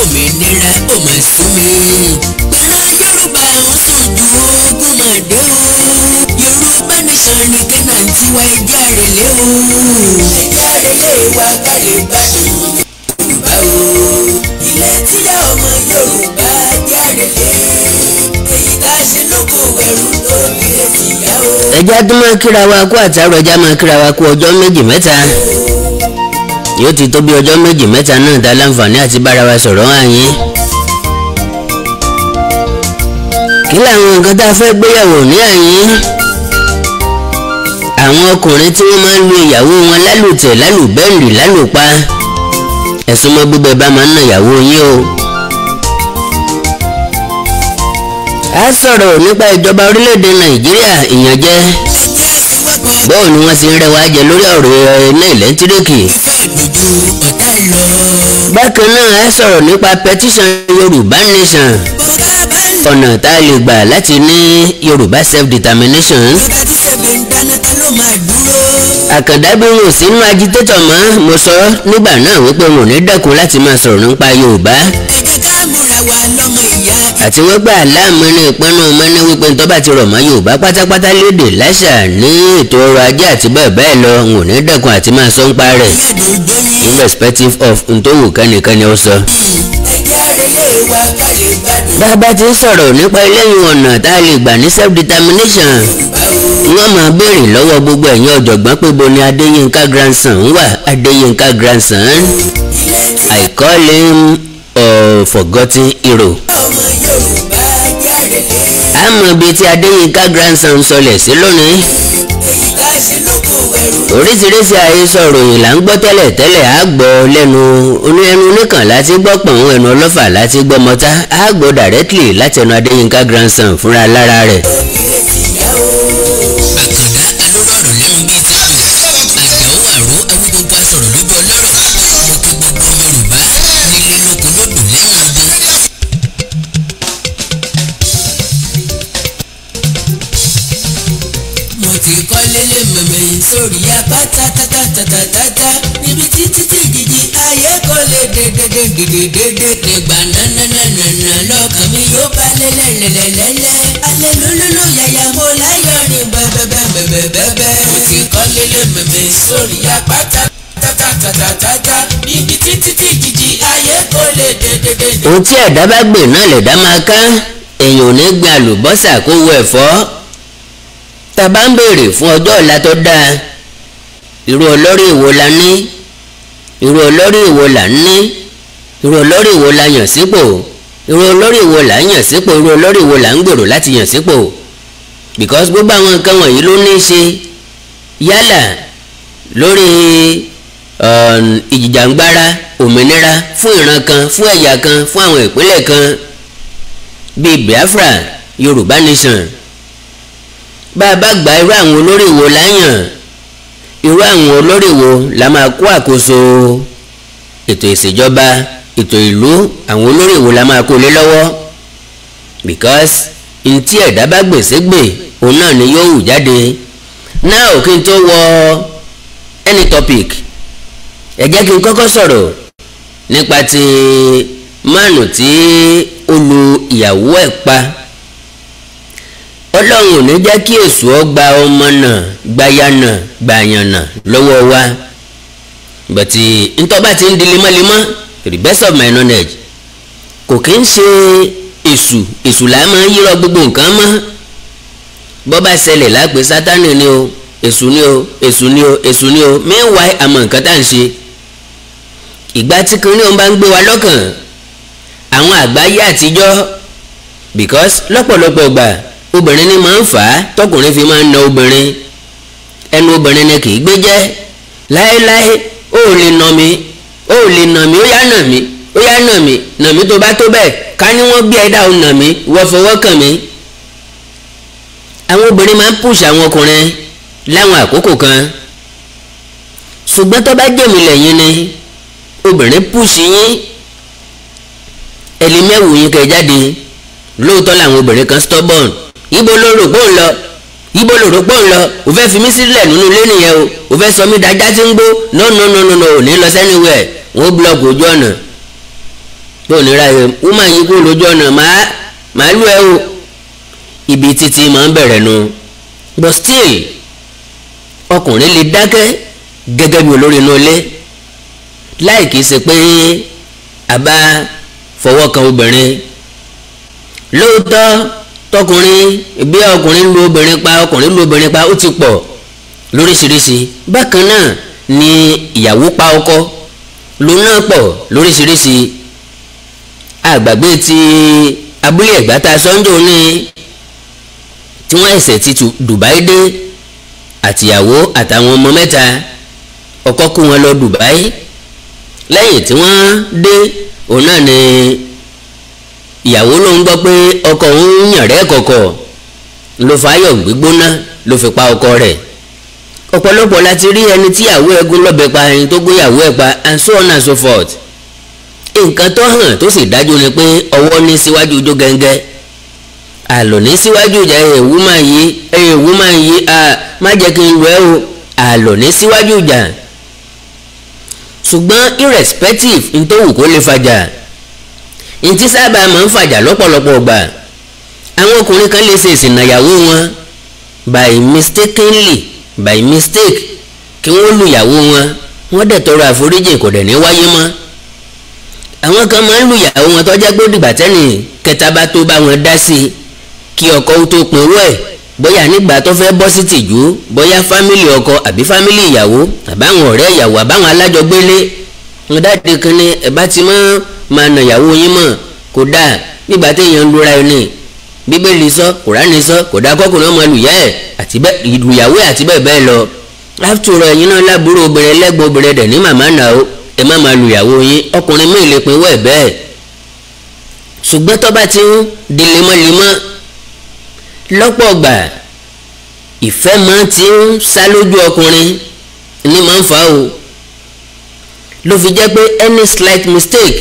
òmìnira kò mà sí mi. para yorùbá wọn sàn ju ogún mà dé o. yorùbá nation ni ghana ń tiwa ẹjẹ́ àrèlé o. ẹjẹ́ àrèlé wa ká lè gbádùn yorùbá o. ilẹ̀ tílẹ̀ ọmọ yorùbá ẹjẹ́ àrèlé. èyí tá a ṣe ló kó tó bí lè jìyà o. ẹjẹ́ á máa kíra wa kú àtàrọ̀ ẹjẹ́ máa kíra wa kú ọjọ́ méjì mẹ́ta yóò ti tó bí ọjọ́ méjì mẹ́ta náà ta láǹfààní àti bára wa sọ̀rọ̀ àyín. kí làwọn nǹkan tá a fẹ́ gbéyàwó ní àyín àwọn ọkùnrin tí wọ́n máa ń lu ìyàwó wọn lálùtẹ̀ lálùbẹ́ẹ̀lì lálùpa ẹ̀sùn mọ́ bíbẹ̀ bá máa ń nà ìyàwó yín o. a sọ̀rọ̀ nípa ìjọba orílẹ̀-èdè nàìjíríà ìyànjẹ́ báwo ni wọ́n ṣe ń rẹwà jẹ lórí ọ̀rọ̀ iná ẹ̀lẹ́ńtíríkì. bákan náà ẹ sọ̀rọ̀ nípa petition yorùbá nation ọ̀nà tá a lè gbà láti ní yorùbá self determination. àkàndá bí wọn ò sínú agitator mọ́ mo sọ nígbà náà wípé wọn ò ní dẹ́kun láti máa sọ̀rọ̀ nípa yorùbá. ẹ jẹ́ ká múra wa lọ́mọ ìyá àti wípé aláàmúrin ìpinnu mọ́ni wípé ntọ́ba ti rọ̀ mọ́ Yorùbá pátápátá lédè láṣà ní ètò ọrọ̀ ajé àti bẹ́ẹ̀ bẹ́ẹ̀ lọ n ò ní dẹ́kun àti máa sọ ń pa rẹ̀ in respective of ntòwò kẹ́nìkẹ́ni ó sọ. bàbá ti ń sọ̀rọ̀ nípa eléyìí ọ̀nà tá a lè gbà ní self determination wọ́n máa béèrè lọ́wọ́ gbogbo ẹ̀yin ọ̀jọ̀gbọ́n pé bo ni Adéyínká grandson wà Adéyínká grandson I call him a forgotten hero àmọ́ bíi ti adéyínká grandson sọlẹ̀ sí lónìí oríṣiríṣi àhesọ ròyìn là ń gbọ́ tẹ́lẹ̀ tẹ́lẹ̀ á gbọ́ lẹ́nu onú ẹnu oníkan láti gbọ́ pọ̀n ẹnu ọlọ́fà láti gbọ́ mọ́tá á gbọ́ directly láti ẹnu adéyínká grandson fúnra lára rẹ̀. àkàndá alóró ọ̀rọ̀ lẹ́nu bíi àgbà ó àró awúrò. tàtàtàtàtàtà níbi títí tí jìjì ayé kò lè dédédédédédé nígbà nánánánánà lọ́kàn mi yóò bá lẹ́lẹ́lẹ́lẹ́lẹ́ alẹ́ lólóló yàyà mo láyọ̀ ní bẹ́ẹ̀bẹ́ẹ̀bẹ́ẹ̀bẹ́ẹ̀ mo ti kọ́lé lẹ́mẹ̀mẹ́ sórí apáta tàtàtàtàtà níbi títí tí jìjì ayé kò lè dédédédé. ohun tí ẹ̀dá bá gbìn náà lẹ̀dá máa ká èèyàn ò ní gbin àlùbọ́sà kó wọ ẹ̀fọ́ tá bá ń béèrè fún ọjọ́ ọ̀la tó dáa irú olórí èwo la ní irú olórí èwo la ní irú olórí èwo la yàn sípò irú olórí èwo la yàn sípò irú olórí èwo la ń gbèrò láti yàn sípò because gbogbo àwọn nǹkan wọ̀nyí ló ní í ṣe yálà lórí um, ìjìjàngbara òmìnira fún ìran kan fún ẹ̀yà kan fún àwọn ìpínlẹ̀ kan bíi Biafra Yorùbá nation bá a bá gba irú àwọn olórí èwo la yàn irú àwọn olórí wo la máa kó àkóso ètò ìṣèjọba ètò ìlú àwọn olórí wo la máa kó lé lọ́wọ́ because ntí ẹ̀dá bá gbèsè gbè òun náà ni yóò hù jáde now kí n tó wọ any topic ẹ jẹ́ kí n kọ́kọ́ sọ̀rọ̀ nípa ti máàlù tí ó ìyàwó ẹ̀ pa ọlọ́run ò ní jẹ́ kí èṣù ọ gba ọmọ náà gbayana gbayana lọ́wọ́ wa bàtí ntọ́ba ti ń di lemọ́lemọ́ the best of my knowledge kò kí ń ṣe èṣù èṣù là máa ń yírọ gbogbo nǹkan mọ́ bọ́ba ṣẹlẹ̀ lápè sátánì ni o èṣù ni o èṣù ni o èṣù ni o meanwhile àmọ́ nǹkan tá à ń ṣe ìgbà tí kinní òun bá ń gbé wa lọ́kàn àwọn àgbáyé àtijọ́ because lọ́pọ̀lọpọ̀ gbà obìnrin ni máa ń fà á tọkùnrin fi máa ń na obìnrin ẹnu obìnrin ni kì í gbé jẹ́ láéláé ó lè nà mí ó lè nà mí ó yá nà mí ó yá nà mí nà mí tó bá tó bẹ́ẹ̀ ká ní wọ́n gbé ẹ̀dá ò nà mí wọ́n fọwọ́ kàn mí. àwọn obìnrin máa ń pùṣ àwọn ọkùnrin láwọn àkókò kan ṣùgbọ́n tó bá jẹ̀mí lẹ́yìn ni obìnrin pùṣ yín ẹ̀lẹ́mẹ̀wò yín kẹ́ jáde lóòótọ́ làwọn obìnrin kan stubborn ibo ló rò pò ń lọ ibo ló rò pò ń lọ ò fẹ́ fi mí sílẹ̀ nínú ilé nìyẹn o ò fẹ́ sọ mí dájá tí ń gbó no no no no no ò ní lọ sẹ́ni wẹ̀ wọ́n búlọ̀kì ojú ọ̀nà tó ní ráyè ó máa yí kó lójú ọ̀nà màá màá lù ẹ́ o ibi títí máa ń bẹ̀rẹ̀ nu but still ọkùnrin lè dákẹ́ gẹ́gẹ́ bí olórí inú ilé láì kìí ṣe pé àbá fọwọ́ kan obìnrin lóòótọ́ tọkùnrin ìgbé ọkùnrin lu obìnrin pa ọkùnrin lu obìnrin pa ó ti pọ̀ lóríṣiríṣi bákan náà ni ìyàwó pa ọkọ lòun náà pọ̀ lóríṣiríṣi àgbàgbé ti abúlé ẹ̀gbá ta sọ́ńdò ní tí wọ́n ẹ̀sẹ̀ ti Dubai dé àtìyàwó àtàwọn ọmọ mẹ́ta ọkọ kó wọn lọ Dubai lẹ́yìn tí wọ́n dé òun náà ni ìyàwó ló ń gbọ́ pé ọkọ òun ń yàn rẹ́ kọ̀kọ̀ ló fàáyọ̀ gbígbóná ló fi pa ọkọ rẹ̀ ọ̀pọ̀lọpọ̀ láti rí ẹni tí ìyàwó ẹgún lọ́bẹ̀ pa ẹni tó gún ìyàwó ẹ̀ pa and so on and so forth nǹkan tó hàn tó sì dájú ni pé ọwọ́ ní síwájú àlò ní síwájú ìjà ẹ̀wú máa o àlò ní síwájú ìjà ṣùgbọ́n irrespective ntòwù lè fàjà ìtí sábà máa ń fàjà lọ́pọ̀lọpọ̀ gbà àwọn ọkùnrin kan lè ṣe ìsìnàyàwó wọn by mistakenly by mistake kí wọ́n lùyàwó wọn wọ́n dẹ̀ tọrọ àforíjì kò dẹ̀ ní wáyé mọ́ àwọn kan máa ń lùyàwó wọn tọ́jà pé dìgbà tẹ́nì kẹta bá tó bá wọn dá sí i kí ọkọ ó tó pinwó ẹ̀ bóyá nígbà tó fẹ́ bọ́ sí tìjú bóyá fámìlì ọkọ àbí fámìlì ìyàwó àbáwọn ọ̀rẹ́ ìyàwó àbáwọn alájọgbélé dáàdi kan ní ẹ̀bá ti mọ́ máa nà ìyàwó yín mọ̀ kò dáa nígbà téèyàn ń lura ẹni bíbélì sọ kùránì sọ kò dáa kọ́kùnrin ọmọ lùyà ẹ̀ àti lùyàwó àti bẹ́ẹ̀ bẹ́ẹ̀ lọ látòrọ ẹ̀yin náà lábúrò obìnrin ẹlẹ́gbọ̀n obìnrin dẹ̀ ní màmá náà ó ẹ má máa lùyàwó yín ọkùnrin mí ìlẹ̀pin wẹ̀ bẹ́ẹ̀ ṣùgbọ́n tó bá ti ń di lemọ́lemọ́ lọ́pọ̀ ọgbà ìfẹ́ máa ti ń sá lójú ọkùnrin ní máa ń fa o ló fi jẹ́ pé any slight mistake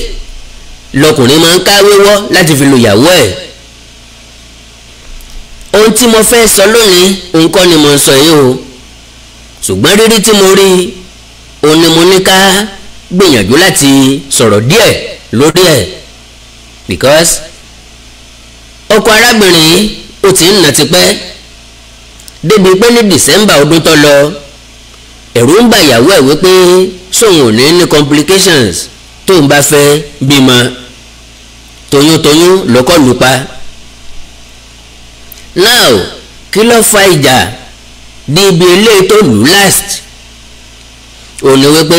lọkùnrin máa ń káwé wọ́ láti fi lu ìyàwó ẹ̀ ohun tí mo fẹ́ sọ lónìí nǹkan ni mo ń sọ yìí o ṣùgbọ́n rírí tí mo rí òun ni mo ní ká gbìyànjú láti sọ̀rọ̀ díẹ̀ lórí ẹ̀ because ọkọ arábìnrin yìí ó ti ń nà tipẹ́ débi pé ní December ọdún tó lọ ẹ̀rù ń bà ìyàwó ẹ̀ wípé sóun ò ní ní complications tóun bá fẹ́ bímọ toyúntoyún lọ́kọ̀lùpa. now kí ló fa ìjà di ilé tó lù last ò ní wípé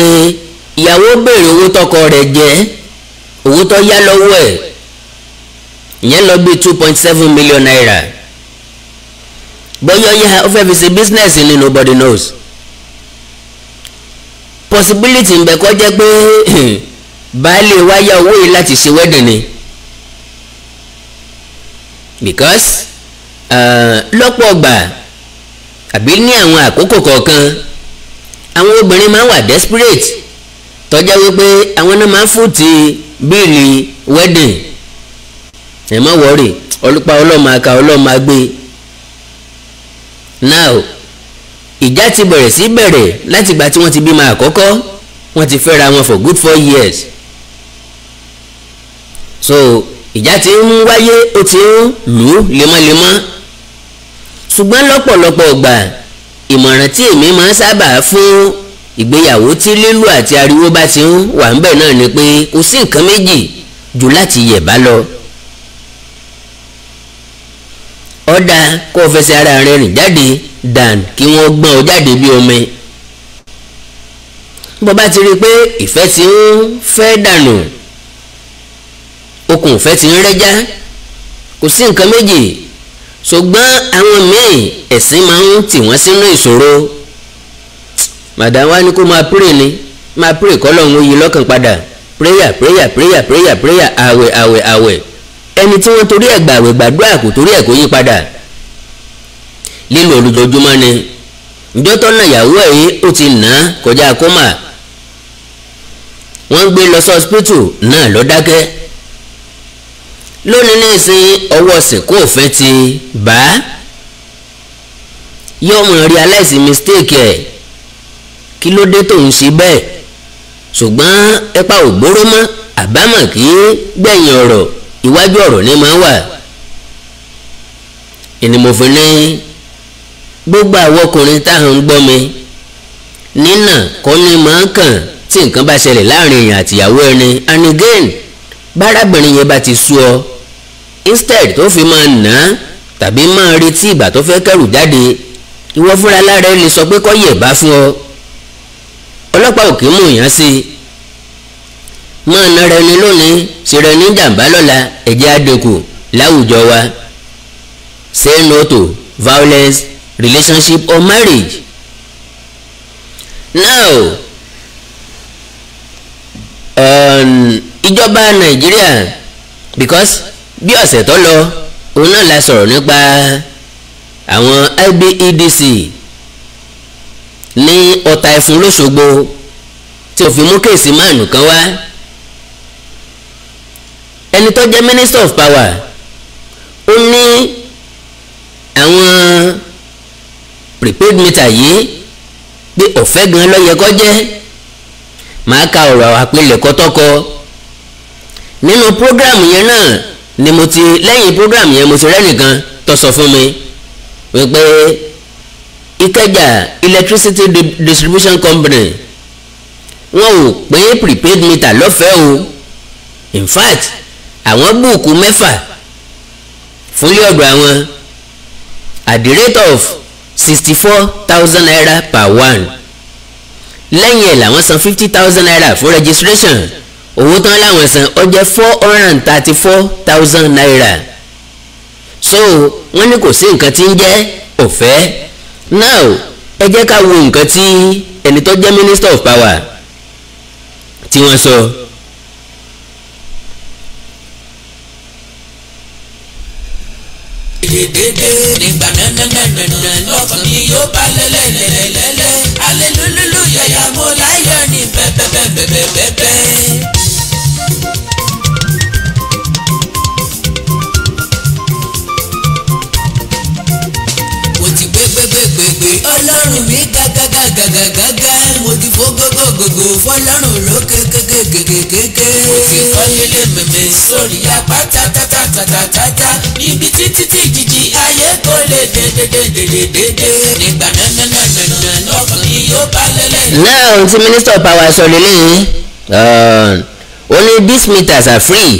ìyàwó béèrè owó tọkọ rẹ̀ jẹ owó tó yá lọ́wọ́ ẹ̀ ìyẹn lọ bí two point seven million naira bóyá ó yá ó fẹ́ fi ṣe business ni nobody knows possibility ń bẹ kọ́ jẹ́ pé hmm, baálé wa yá owó yìí láti ṣe wedding ni because eh, lọ́pọ̀ ọgbà àbí ní àwọn àkókò kọ̀ọ̀kan àwọn obìnrin máa ń wà desperate tọ́já wípé àwọn náà máa ń fòtì bíìlì wedding ẹ̀ má wọ́ọ̀rì ọlọ́pàá ọlọ́mọ aka now ìjà ti bẹ̀rẹ̀ sí bẹ̀rẹ̀ látìgbà tí wọ́n ti bímọ àkọ́kọ́ wọ́n ti fẹ́ra wọn for good four years so ìjà ti ń wáyé ó ti ń lù ú lemọ́lemọ́ ṣùgbọ́n lọ́pọ̀lọpọ̀ ọgbà ìmọ̀ràn tí èmi máa ń sábà fún ìgbéyàwó tí lílù àti ariwo bá ti ń wà ń bẹ̀ náà ni pé kò sí nǹkan méjì jù láti yẹ̀ bá lọ. ọ̀dà kó o fẹsẹ̀ ara rẹ rìn jáde dàn kí wọ́n gbọ́n ọ jáde bí omi bó bá ti rí i pé ìfẹ́ ti ń fẹ́ dànù okùn ìfẹ́ ti ń rẹ́já kò sí nǹkan méjì ṣùgbọ́n àwọn míì ẹ̀sìn máa ń tì wọ́n sínú ìṣòro màdá wa ni kó máa pray ni máa pray kọ́ lọ́hún oyè lọ́kàn padà prayer prayer prayer prayer prayer àwẹ̀ àwẹ̀ àwẹ̀ ẹni tí wọ́n torí ẹ̀ gbàwẹ̀ gbàdúrà kò torí ẹ̀ kò yí padà lílo olùjọjúmọ́ ni ìjọ tọ́nà ìyàwó ẹ̀ yìí ó ti nà á kọjá kọ́mà wọ́n gbé lọ sọ́spítù náà lọ dákẹ́ lónìí ní ọwọ́ sìnkú òfin ti bá yọmọ realize mistake ẹ̀ kí ló dé tó ń ṣe bẹ́ẹ̀ ṣùgbọ́n ẹ̀pà ògbóró mọ́ àbámọ̀ kì gbẹ̀yìn ọ̀rọ̀ iwájú ọ̀rọ̀ ni máa ń wà ìnìmọ̀fin ní gbogbo àwọn ọkùnrin táwọn ń gbọ́ mi nínà kọ́ ni máa ń kàn tí nǹkan bá ṣẹlẹ̀ láàrin èèyàn àtìyàwó ẹni and again bárábìnrin yẹn bá ti sú ọ instead tó fi máa nà á tàbí máa retí ìgbà tó fẹ́ kẹ́rù jáde ìwọ fúnra lára ẹ lè sọ pé kọ́ yẹ̀ bá fún ọ ọlọ́pàá ò kì í mú èèyàn sí i máa na rẹni lónìí sèrè ní jàǹbá lọ́la ẹ̀jẹ̀ àdínkù láwùjọ wa say no to violence relationship or marriage now um, ìjọba nàìjíríà because bí ọ̀sẹ̀ tó lọ òun náà la sọ̀rọ̀ nípa àwọn IBEDC ní ọ̀tà ẹ̀fún lóṣogbo tí òfin mú kéèsì máàlù kan wá ẹni tó jẹ́ minister of power ó ní àwọn prepaid meter yìí pé ọ̀fẹ́ gan ló yẹ kó jẹ́ màá ka ọ̀rọ̀ àpilẹ̀kọ tọkọ nínú program yẹn náà ni mo ti lẹ́yìn program yẹn mo ti rẹ́nìkan tó sọ fún mi wípé Ìkẹjà electricity distribution company wọn ò pé prepaid meter lọ́fẹ̀ẹ́ o in fact àwọn búùkù mẹ́fà fúnlé ọ̀dọ̀ àwọn at the rate of sixty four thousand naira per one lẹ́yìn ẹ̀ làwọn san fifty thousand naira fún registration owó tán láwọn san ó jẹ́ four hundred and thirty four thousand naira so wọ́n ní kò sí nǹkan tí ń jẹ́ ọ̀fẹ́ now ẹ jẹ́ ká wo nǹkan tí ẹni tó jẹ́ minister of power tí wọ́n sọ. So, ṣe déédéé. nígbà nánánánánà lọ́kàn mi yóò bá lẹ́lẹ́lẹ́lẹ́lẹ́. alelúlúlú yàyà mo láyọ̀ ní bẹ́ẹ̀bẹ́ẹ̀bẹ́ẹ̀bẹ́ẹ̀. mo ti gbégbégbégbé ọlọ́run mi gàgà gàgàgàgà mo ti gógógógó fọlọ́run lókè kékékékékéké. mo ti mẹ̀mẹ́ sórí apá tátátátátátá níbi títí tí jìjì ayé kò lè dédédédédédé. nígbà nánánánáná lọ́kàn yìí yóò bá lẹ́lẹ́. náà ohun tí minister of power sọ lélẹ́yìn ó ní these meters are free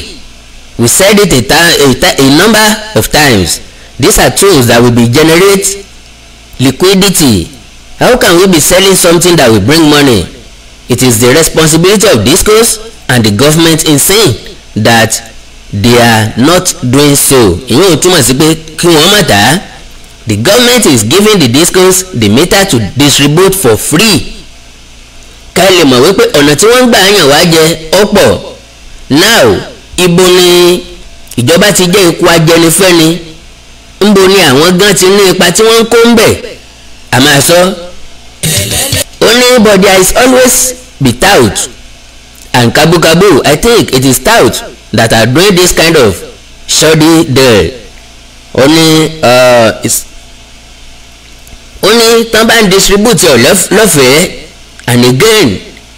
we said it a, a, a number of times these are tools that will be generate liquidity How can we be selling something that will bring money? It is the responsibility of discos and the government in saying that they are not doing so. Ìyẹn ò túmọ̀ sí pé kí wọ́n má dá. The government is giving the discos the meter to distribute for free. Ká mọ̀ wípé ọ̀nà tí wọ́n ń gbà yàn wá jẹ ọ̀pọ̀. Now ibo ni ìjọba ti jẹ́ ikú ajẹnifẹ́ni? Ńbo ni àwọn gan ti ní ipa tí wọ́n ń kó ń bẹ̀? Àmọ́ àsọ. So, morning but there is always be tout and kabu kabu i think it is tout that are doing this kind of shoddy deal Only, uh, ó ní tán bá ń distribute ọ̀ lọ́fẹ̀ẹ́ eh? and again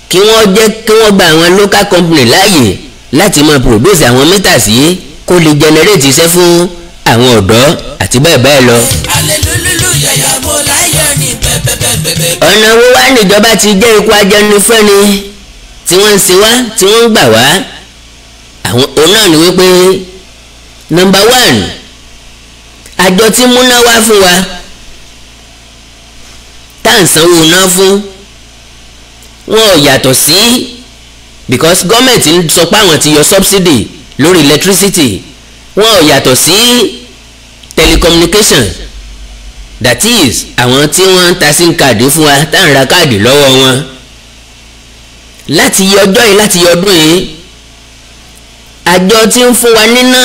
kí wọ́n jẹ́ kí wọ́n gba àwọn local company láàyè láti máa produce àwọn meters yìí kó lè generate iṣẹ́ fún àwọn ọ̀dọ́ àti bẹ́ẹ̀ bẹ́ẹ̀ lọ. alẹ́ lulú yẹ̀yà ọ̀nà wo wá níjọba ti jẹ́ ikú ajẹnufẹ́ni tí wọ́n ń ṣe wá tí wọ́n ń gbà wá àwọn òun ni wípé nọ́mbà one àjọ tí múná wá fún wa tá à ń sanwó náà fún wọn ò yàtọ̀ sí because gọ́ọ̀mẹ̀ntì ń sọ pé àwọn ti yọ subsidy lórí electricity wọn ò yàtọ̀ sí telecommunication that is àwọn tí wọ́n ń ta sim káàdì fún wa tá à ń ra káàdì lọ́wọ́ wọn láti yí ọjọ́ yìí láti yí ọdún yìí àjọ tí ń fún wa níná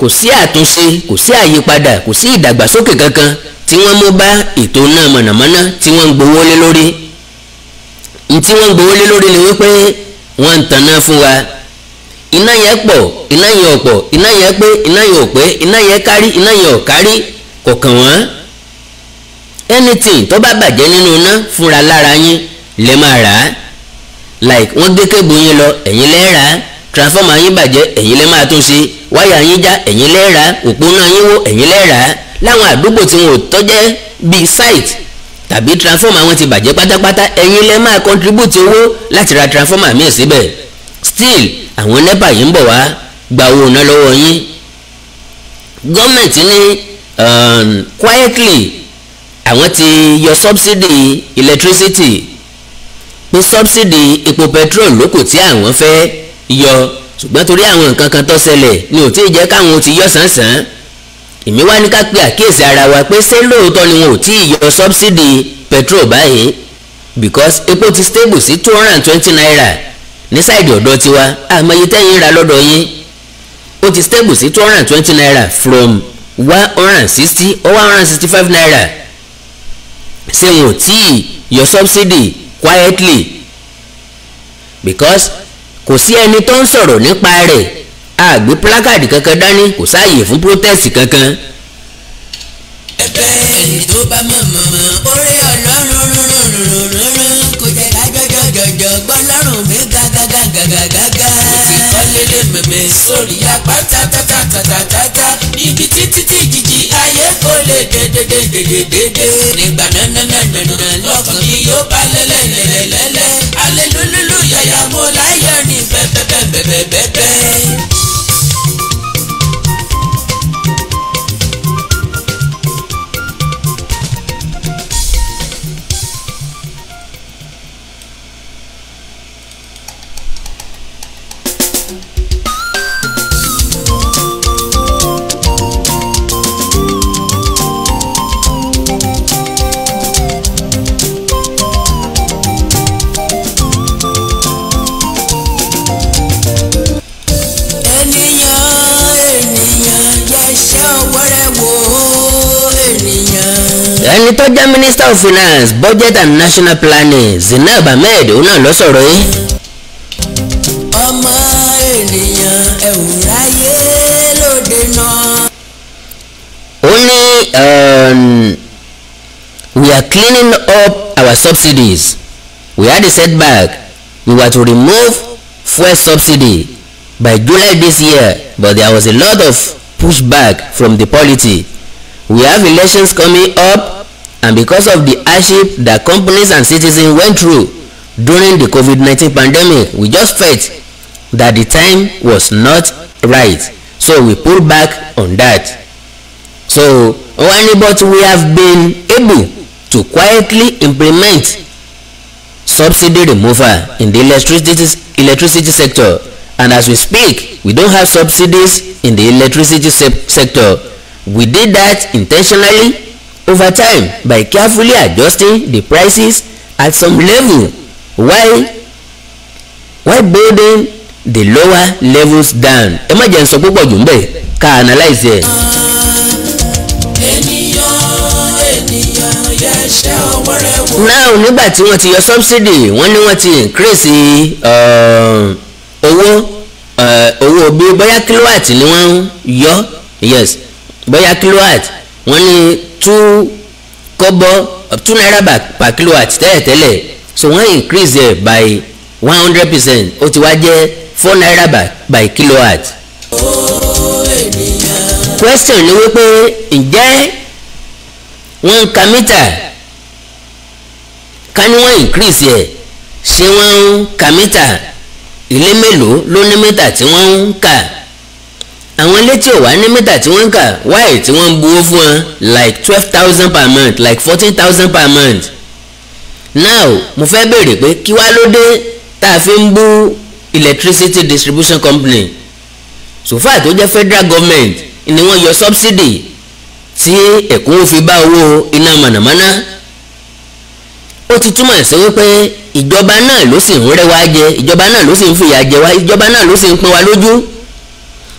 kò sí àtúnṣe kò sí àyípadà kò sí ìdàgbàsókè kankan tí wọ́n mú bá ètò náà mọ̀nàmọ́ná tí wọ́n ń gbowó lé lórí ntí wọ́n ń gbowó lé lórí ni wípé wọ́n ń tanná fún wa iná yẹn pọ̀ iná yẹn ọ̀pọ̀ iná yẹn pé iná yẹn ò pé iná yẹn kárí iná yẹn ò kárí kò wọ́n anything tó bá bàjẹ́ nínú iná fúnra lára yín lè máa rà á like wọ́n gbé kébù yín lọ ẹ̀yin lè rà á transformer yín bàjẹ́ ẹ̀yin lè máa tún ṣe wáyà yín já ẹ̀yin lè rà á òpónà yín wó ẹ̀yin lè rà á láwọn àdúgbò tí wọn ò tọ́jẹ́ bíi site tàbí transformer wọn ti bàjẹ́ pátápátá ẹ̀yin lè máa contribute owó láti ra transformer míì síbẹ̀ still àwọn nepa yìí ń bọ̀ wá gba owó náà lọ́wọ́ yín gọ́ọ̀mẹ̀ntì ní um, quietly àwọn ti yọ subsidy electricity pé subsidy epo petrol lóko tí àwọn fẹ́ yọ ṣùgbọ́n torí àwọn nǹkan kan tó ṣẹlẹ̀ ni ò tí ì jẹ́ káwọn ti yọ sánsan èmi wá ní ká pe àkíyèsí ara wa pé ṣé lóòótọ́ ni wọn ò tí ì yọ subsidy petrol báyìí because epo ti stable sí two hundred and twenty naira ní sáìdì ọ̀dọ̀ tiwa àmọye tẹ́yìn ra lọ́dọ̀ yín ó ti stable sí two hundred and twenty naira from one hundred and sixty or one hundred and sixty five naira ṣé wọn ò tí ì subsidy quietly because kò sí ẹni tó ń sọ̀rọ̀ nípa rẹ̀ a gbé pílákàdì kankan dání kò sáàyè fún protest kankan. ẹni tó bá mọ̀ mọ̀ mọ̀ orí ọlọ́run rúrun rúrun rúrun kò jẹ́ ká jọjọ jọjọ gbọ́ lọ́rùn mi gàgàgàgàgàgà lélẹ mẹmẹ sórí apáta tatatatata níbi títí tí jìjì ayé kò lè dédédédédédé nígbà nananana lọkàn mi yóò bá lẹlẹlẹlẹlẹ alelululu yàyà mo láyọ̀ ní bẹ́ẹ̀bẹ́ẹ̀bẹ́ẹ̀bẹ́ẹ̀bẹ́. ẹni tó jẹ́ minister of finance budget and national planning Zainab Ahmed òun náà lọ sọ̀rọ̀ yìí. ọmọ ènìyàn ẹ̀wù ráyé lóde náà. ó ní um, we are cleaning up our subsidies we had a setback we were to remove fuel subsidy by July this year but there was a lot of pushback from the polity We have elections coming up and because of the hardship that companies and citizens went through during the COVID-19 pandemic, we just felt that the time was not right. So we pulled back on that. So, only but we have been able to quietly implement subsidy removal in the electricity, electricity sector. And as we speak, we don't have subsidies in the electricity se sector We did that intentionally over time by carefully adjusting the prices at some level while while building the lower levels down. ẹ má jẹ́ n sọ púpọ̀ jù ń ká analyze ẹ̀. now nígbà tí wọ́n ti yọ subsidy wọ́n ní wọ́n ti increase uh, owó uh, owó bí bóyá kilowatt. ni wọ́n yọ yes bóyá kilowatt wọ́n ní two kọ́bọ̀ two naira per kilowatt tẹ́lẹ̀tẹ́lẹ̀ so wọ́n increase ẹ̀ by one hundred percent ó ti wá jẹ́ four naira by, by kilowatt. question ni wípé ǹjẹ́ wọ́n ń ka mítà ká ní wọ́n increase ẹ̀ ṣé wọ́n ń ka mítà ilé mélòó ló ní mítà tí wọ́n ń kà àwọn ilé tí ò wá ní mítà tí wọ́n ń kà wáyé tí wọ́n ń buwó fún wọn like twelve thousand per month like fourteen thousand per month now mo fẹ́ béèrè pé kí wá ló dé tá a fi ń bú electricity distribution company so far tó jẹ́ federal government ni wọ́n yọ subsidy tí ẹ̀kúnwó fi bá owó iná mànàmáná ó ti túmọ̀ sí wípé ìjọba náà ló sì ń rẹ́ wa jẹ ìjọba náà ló sì ń fìyà jẹ wa ìjọba náà ló sì ń pín wa lójú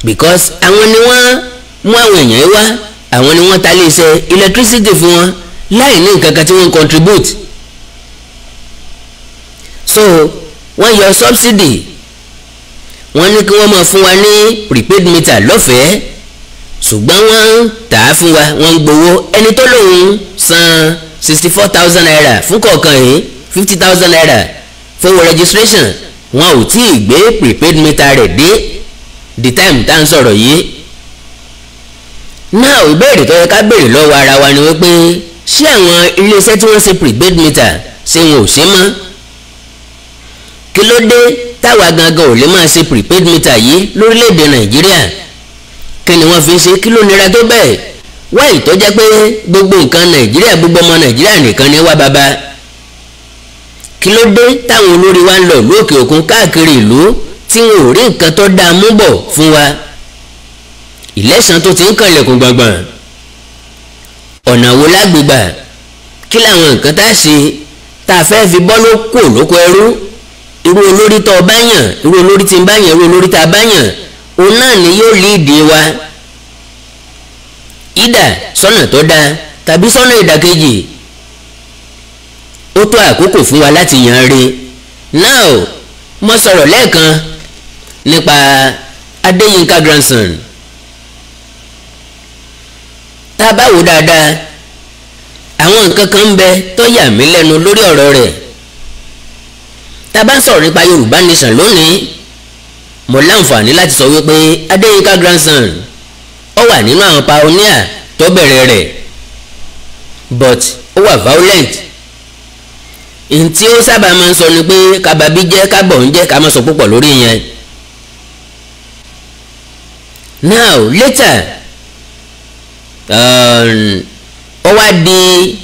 because àwọn ni wọ́n mú àwọn èèyàn wá àwọn ni wọ́n ta lè ṣe electricity fún wọn láì ní nǹkan kan tí wọ́n contribute so wọ́n yọ subsidy wọ́n ní kí wọ́n máa fún wa ní prepaid meter lọ́fẹ̀ẹ́ ṣùgbọ́n wọ́n ń tà á fún wa wọ́n ń gbowó ẹni tó lòun san sixty four thousand naira fún kọ̀ọ̀kan yìí fifty thousand naira fowó registration wọn ò tí ì gbé prepaid meter rẹ̀ dé the time tá ń sọ̀rọ̀ yìí náà ìbéèrè tó yẹ ká béèrè lọ́wọ́ ara wa ni wípé ṣé àwọn iléeṣẹ́ tí wọ́n ṣe prepaid meter ṣé wọn ò ṣe mọ́ kí ló dé táwa gangan ò lè máa ṣe prepaid meter yìí lórílẹ̀‐èdè nàìjíríà kí ni wọ́n fi ṣe kí ló nira tó bẹ́ẹ̀ wáyé tó jẹ́ pé gbogbo nǹkan nàìjíríà gbogbo ọmọ nàìjíríà nìkan ni wá bàbá kí ló dé táwọn olórí wa ń lọ ìlú òkè òkun káàkiri ìlú tí wọn ò rí nǹkan tó dáa mú bọ̀ fún wa ìlẹ́sàn tó ti ń kànlẹ̀kùn gbọ̀ngbọ̀n ọ̀nà wo lágbègbà kí làwọn nǹkan tá a ṣe tá a fẹ́ẹ́ fi bọ́ ló kò lóko ẹrú irú olórí tó bá yàn irú olórí tí ń bá yàn irú olórí tá a bá yàn òun náà ni yóò lé ìdè wa ìdà sọ́nà tó dáa tàbí sọ́nà ìdàkejì ó tó àkókò fún wa láti yàn án re now mo sọ̀rọ̀ lẹ́ẹ̀kan nípa Adéyínká grandson tá a bá wò dáadáa àwọn nǹkan kan ń bẹ tó yà mí lẹ́nu lórí ọ̀rọ̀ rẹ̀ tá a bá ń sọ̀rọ̀ nípa Yorùbá nation lónìí mo láǹfààní láti sọ wípé Adéyínká grandson ó wà nínú àwọn pioneer tó bẹ̀rẹ̀ rẹ̀ but ó wà violent ntí ó sábà máa ń sọ ni pé kábàbí jẹ́ kábọ̀ ń jẹ́ ká má sọ púpọ̀ lórí yẹn now later um, ó wá di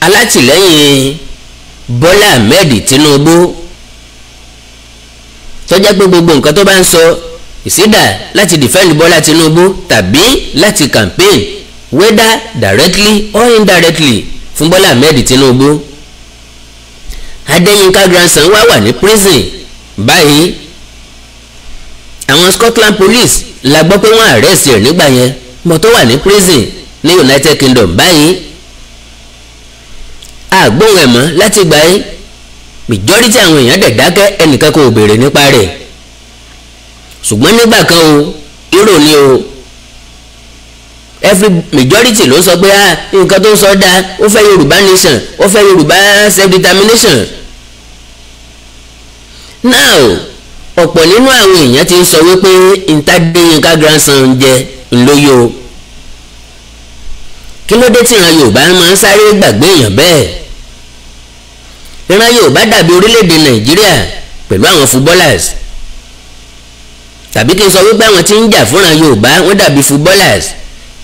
alátìlẹ́yìn Bọ́lá Ahmed Tinubu tó jẹ́ pé gbogbo nǹkan tó bá ń sọ ìsídà láti defend Bọ́lá Tinubu tàbí láti campaign whether directly or indirectly fún Bọ́lá Ahmed Tinubu Adéyínká grandson wá wà ní prison báyìí àwọn Scotland police la gbọ́ pé wọ́n àrẹ́sì rẹ̀ nígbà yẹn mo tó wà ní prison ní United Kingdom báyìí àgbóhùn ẹ̀ mọ́ láti gbà yín majority àwọn èèyàn dẹ̀ dákẹ́ ẹnìkan kò béèrè nípa rẹ̀ ṣùgbọ́n nígbà kan o irò ni o every majority ló sọ pé ah nǹkan tó ń sọ dáa ó fẹ́ Yorùbá nation ó fẹ́ Yorùbá self determination now ọ̀pọ̀ nínú àwọn èèyàn ti ń sọ wípé ntadeyinka grandson jẹ ńlóyè o kí ló dé tí ìran yorùbá máa ń sáré gbàgbé èèyàn bẹ́ẹ̀ ìran yorùbá dàbí orílẹ̀-èdè nàìjíríà pẹ̀lú àwọn footballers tàbí kí n sọ wípé àwọn tí ń jà fúnra yorùbá wọ́n dàbí footballers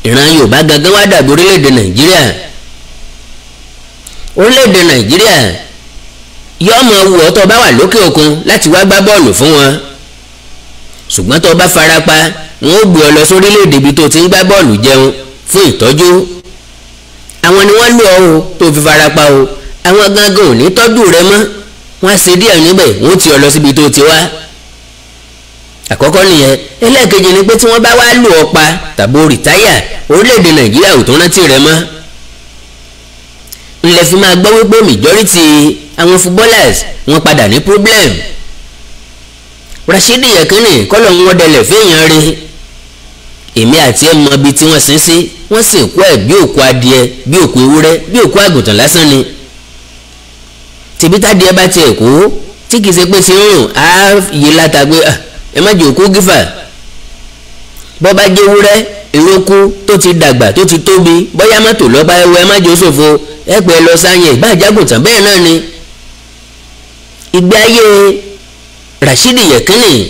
ìran yorùbá gangan wá dàbí orílẹ̀-èdè nàìjíríà orílẹ̀-èdè nàìjíríà yọ́ọ̀mọ̀ wù ọ́ tó bá wà lókè òkun láti wá gbá bọ́ọ̀lù fún wọn ṣùgbọ́n tó bá farapa wọn ó gbé ọ lọ sórílẹ̀-èdè ibi tó ti ń gbá bọ́ọ̀lù jẹun fún ìtọ́jú àwọn ni wọ́n lò ọ́ tó fi farapa o àwọn gangan ò ní tọ́jú rẹ mọ́ wọ́n á ṣe díẹ̀ níbẹ̀ wọ́n ti ọ lọ síbi tó ti wá àkọ́kọ́ nìyẹn ẹlẹ́ẹ̀kejì ni pé tí wọ́n bá wá lò ọ pa tàbí o rìtáyà orílẹ̀-èdè nàìjíríà ò tún rántí rẹ mọ́ ilẹ̀ fi máa gbọ́ wípé majority àwọn footballers wọ́n padà ní problem Rashidi Yekini kọ́lọ̀ ń wọ́n dẹlẹ̀ fẹ́yàn rí èmi àti ẹ̀ mọ ibi tí wọ́n sin sí wọ́n sì kó ẹ̀ bí òkú adìẹ bí òkú ewúrẹ́ bí òkú àgùntàn lásán ni tìbítàdìẹ bá tiẹ̀ kó tí kìí ṣe pé ti ń rùn á yí látàgbé ah, ẹ má jẹ́ òkú gífà bọ́ bá jẹ́ ewúrẹ́ ìrókù tó ti dàgbà tó ti tóbi bóyá mọ́tò lọ́ba ẹwọ ẹ má jẹ́ òṣòfò ẹ pẹ́ lọ sáyẹn ìbá àjágùntàn bẹ́ẹ̀ náà ni. ìgbé ayé Rashidi Yekini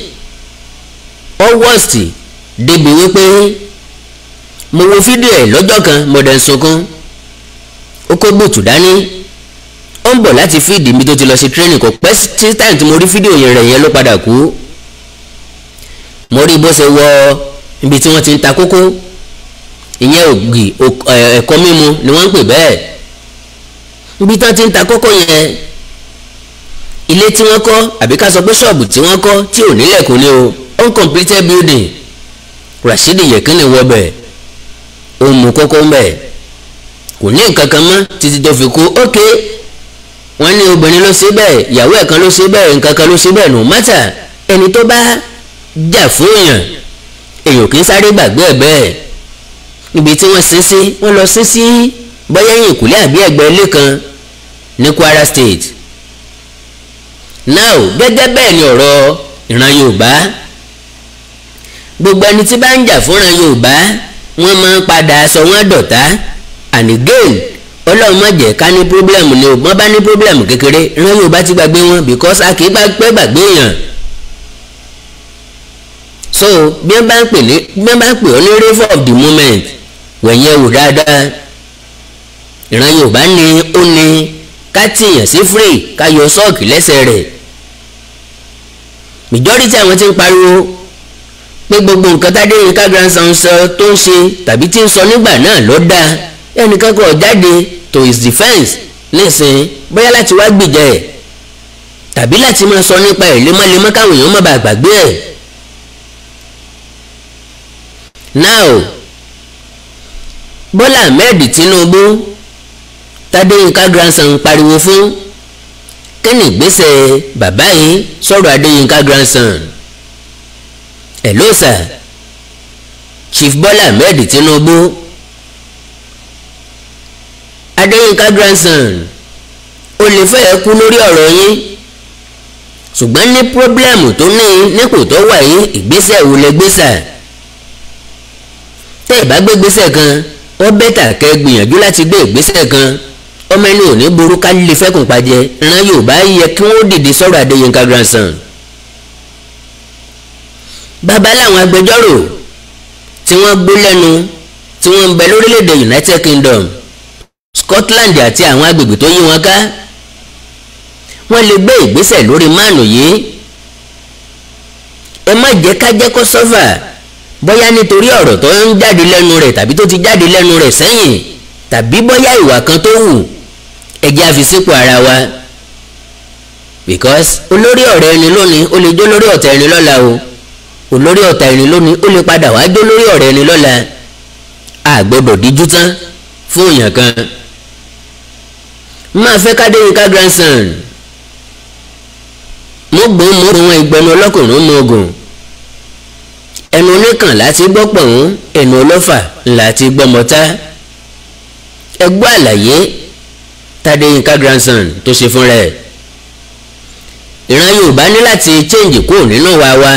august débi wípé mo wo fídíò ẹ̀ lọ́jọ́ kan mo dẹ̀ ń sunkún ó kó bùtù dání ó ń bọ̀ láti fíìdì mi tó ti lọ sí tírénì kò pẹ́ tí táyì tí mo rí fídíò yẹn rẹ̀ yẹn ló padà kú mo rí bó ṣe wọ ọ́ níbi tí wọ́n ti ń ta kókó ìyẹn ògì ẹ̀kọ́ mímu ni wọ́n ń pè bẹ́ẹ̀ níbi tí wọ́n ti ń ta kókó yẹn ilé tí wọ́n kọ́ àbí ká sọ pé ṣọ́ọ̀bù tí wọ́n kọ́ tí ò nílẹ̀ kò ní o uncompleted building Rashidi Yekini wọ bẹ̀ ó mú kókó ń bẹ̀ kò ní nǹkan kan mọ́ títí tó fi kú ókè wọ́n ní obìnrin ló ṣe bẹ́ẹ̀ ìyàwó ẹ̀ kan ló ṣe bẹ́ẹ̀ nǹkan kan ló ṣe bẹ́ẹ̀ nù mọ́tà ẹni tó bá jà fún èèyàn èèyàn kì í sáré gbàgbé ẹ̀ bẹ́ẹ̀ ibi tí wọ́n sin sí wọ́n lọ sin sí bóyá ẹ̀yìn ìkúlẹ̀ àbí ẹ̀gbẹ́ ilé kan ní Kwara State now gẹ́gẹ́ bẹ́ẹ̀ ni ọ̀rọ̀ ìran Yorùbá gbogbo ẹni tí bá ń jà fúnran Yorùbá wọ́n máa ń padà sọ wọ́n dọ̀tá and again ọlọ́run má jẹ́ ká ní pírọ́blẹ̀mù ni wọ́n bá ní pírọ́blẹ̀mù kékeré ìran Yorùbá ti gbàgbé wọn because a kì í gbàgbé èèyàn so bí wọ́n bá ń pè ní bí wọ́n bá ń pè ọ́ ní rave of the moment wẹ̀yẹ wò dáadáa ìran yorùbá ni ó ní ká tìyàn sí free ká yọ sọ́ọ̀kì lẹ́sẹ̀ rẹ̀ majority àwọn tí ń pariwo pé gbogbo nǹkan tádé yìí ká grandson sọ tó ń ṣe tàbí tí ń sọ nígbà náà ló dáa ẹnìkan kò jáde to his defence nísìn bóyá láti wá gbìjà ẹ̀ tàbí láti máa sọ nípa ẹ̀ lemọ́lemọ́ káwọn èèyàn má bàa ẹ̀ now Bọ́lá Ahmed Tinubu Tadeyinka grandson pariwo fún kíni ìgbésẹ̀ bàbá yìí sọ̀rọ̀ Adeyinka grandson hello sir Chief Bọ́lá Ahmed Tinubu Adeyinka grandson ó lè fẹ́ kú lórí ọ̀rọ̀ yín ṣùgbọ́n ní pírọ́blẹ́mù tó ní nípò tó wà yìí ìgbésẹ̀ wo lè gbé sà tẹ́ ẹ̀ bá gbé gbèsè kan ó bẹ́tà kẹ́ gbìyànjú láti gbé ìgbésẹ̀ kan ọmọ ẹni ò ní burú ká lè fẹ́kùn pàjẹ́ ìran Yorùbá yẹ kí wọ́n dìde sọ̀rọ̀ Adéyínká grandson. bàbá làwọn agbẹjọ́rò tí wọ́n gbó lẹ́nu tí wọ́n ń bẹ lórílẹ̀‐èdè United Kingdom Scotland àti àwọn agbègbè tó yí wọn ká wọ́n lè gbé ìgbésẹ̀ lórí máàlù yìí ẹ má jẹ́ ká jẹ́ kó sọ́fà. So bóyá nítorí ọ̀rọ̀ tó ń jáde lẹ́nu rẹ̀ tàbí tó ti jáde lẹ́nu rẹ̀ sẹ́yìn tàbí bóyá ìwà kan tó wù ẹ jẹ́ ara wa because olórí ọ̀rẹ́ ẹni lónìí ó lè jó lórí ọ̀tá ẹni lọ́la o olórí ọ̀tá ẹni lónìí ó lè padà wá jó lórí ọ̀rẹ́ ẹni lọ́la a gbọ́dọ̀ díjú tán fún èèyàn kan máa fẹ́ kádéyínká grandson mo gbọ́n mo rún ẹgbẹ́nu ọlọ́kùnrin mọ́ ogun ẹnu oníkan láti gbọ́ pọ̀hún ẹnu ọlọ́fà láti gbọ́ mọ́tá ẹgbọ́ àlàyé Tádéyínká grandson tó ṣe fúnra ẹ̀ ìran Yorùbá ní láti change kúrò nínú wa wa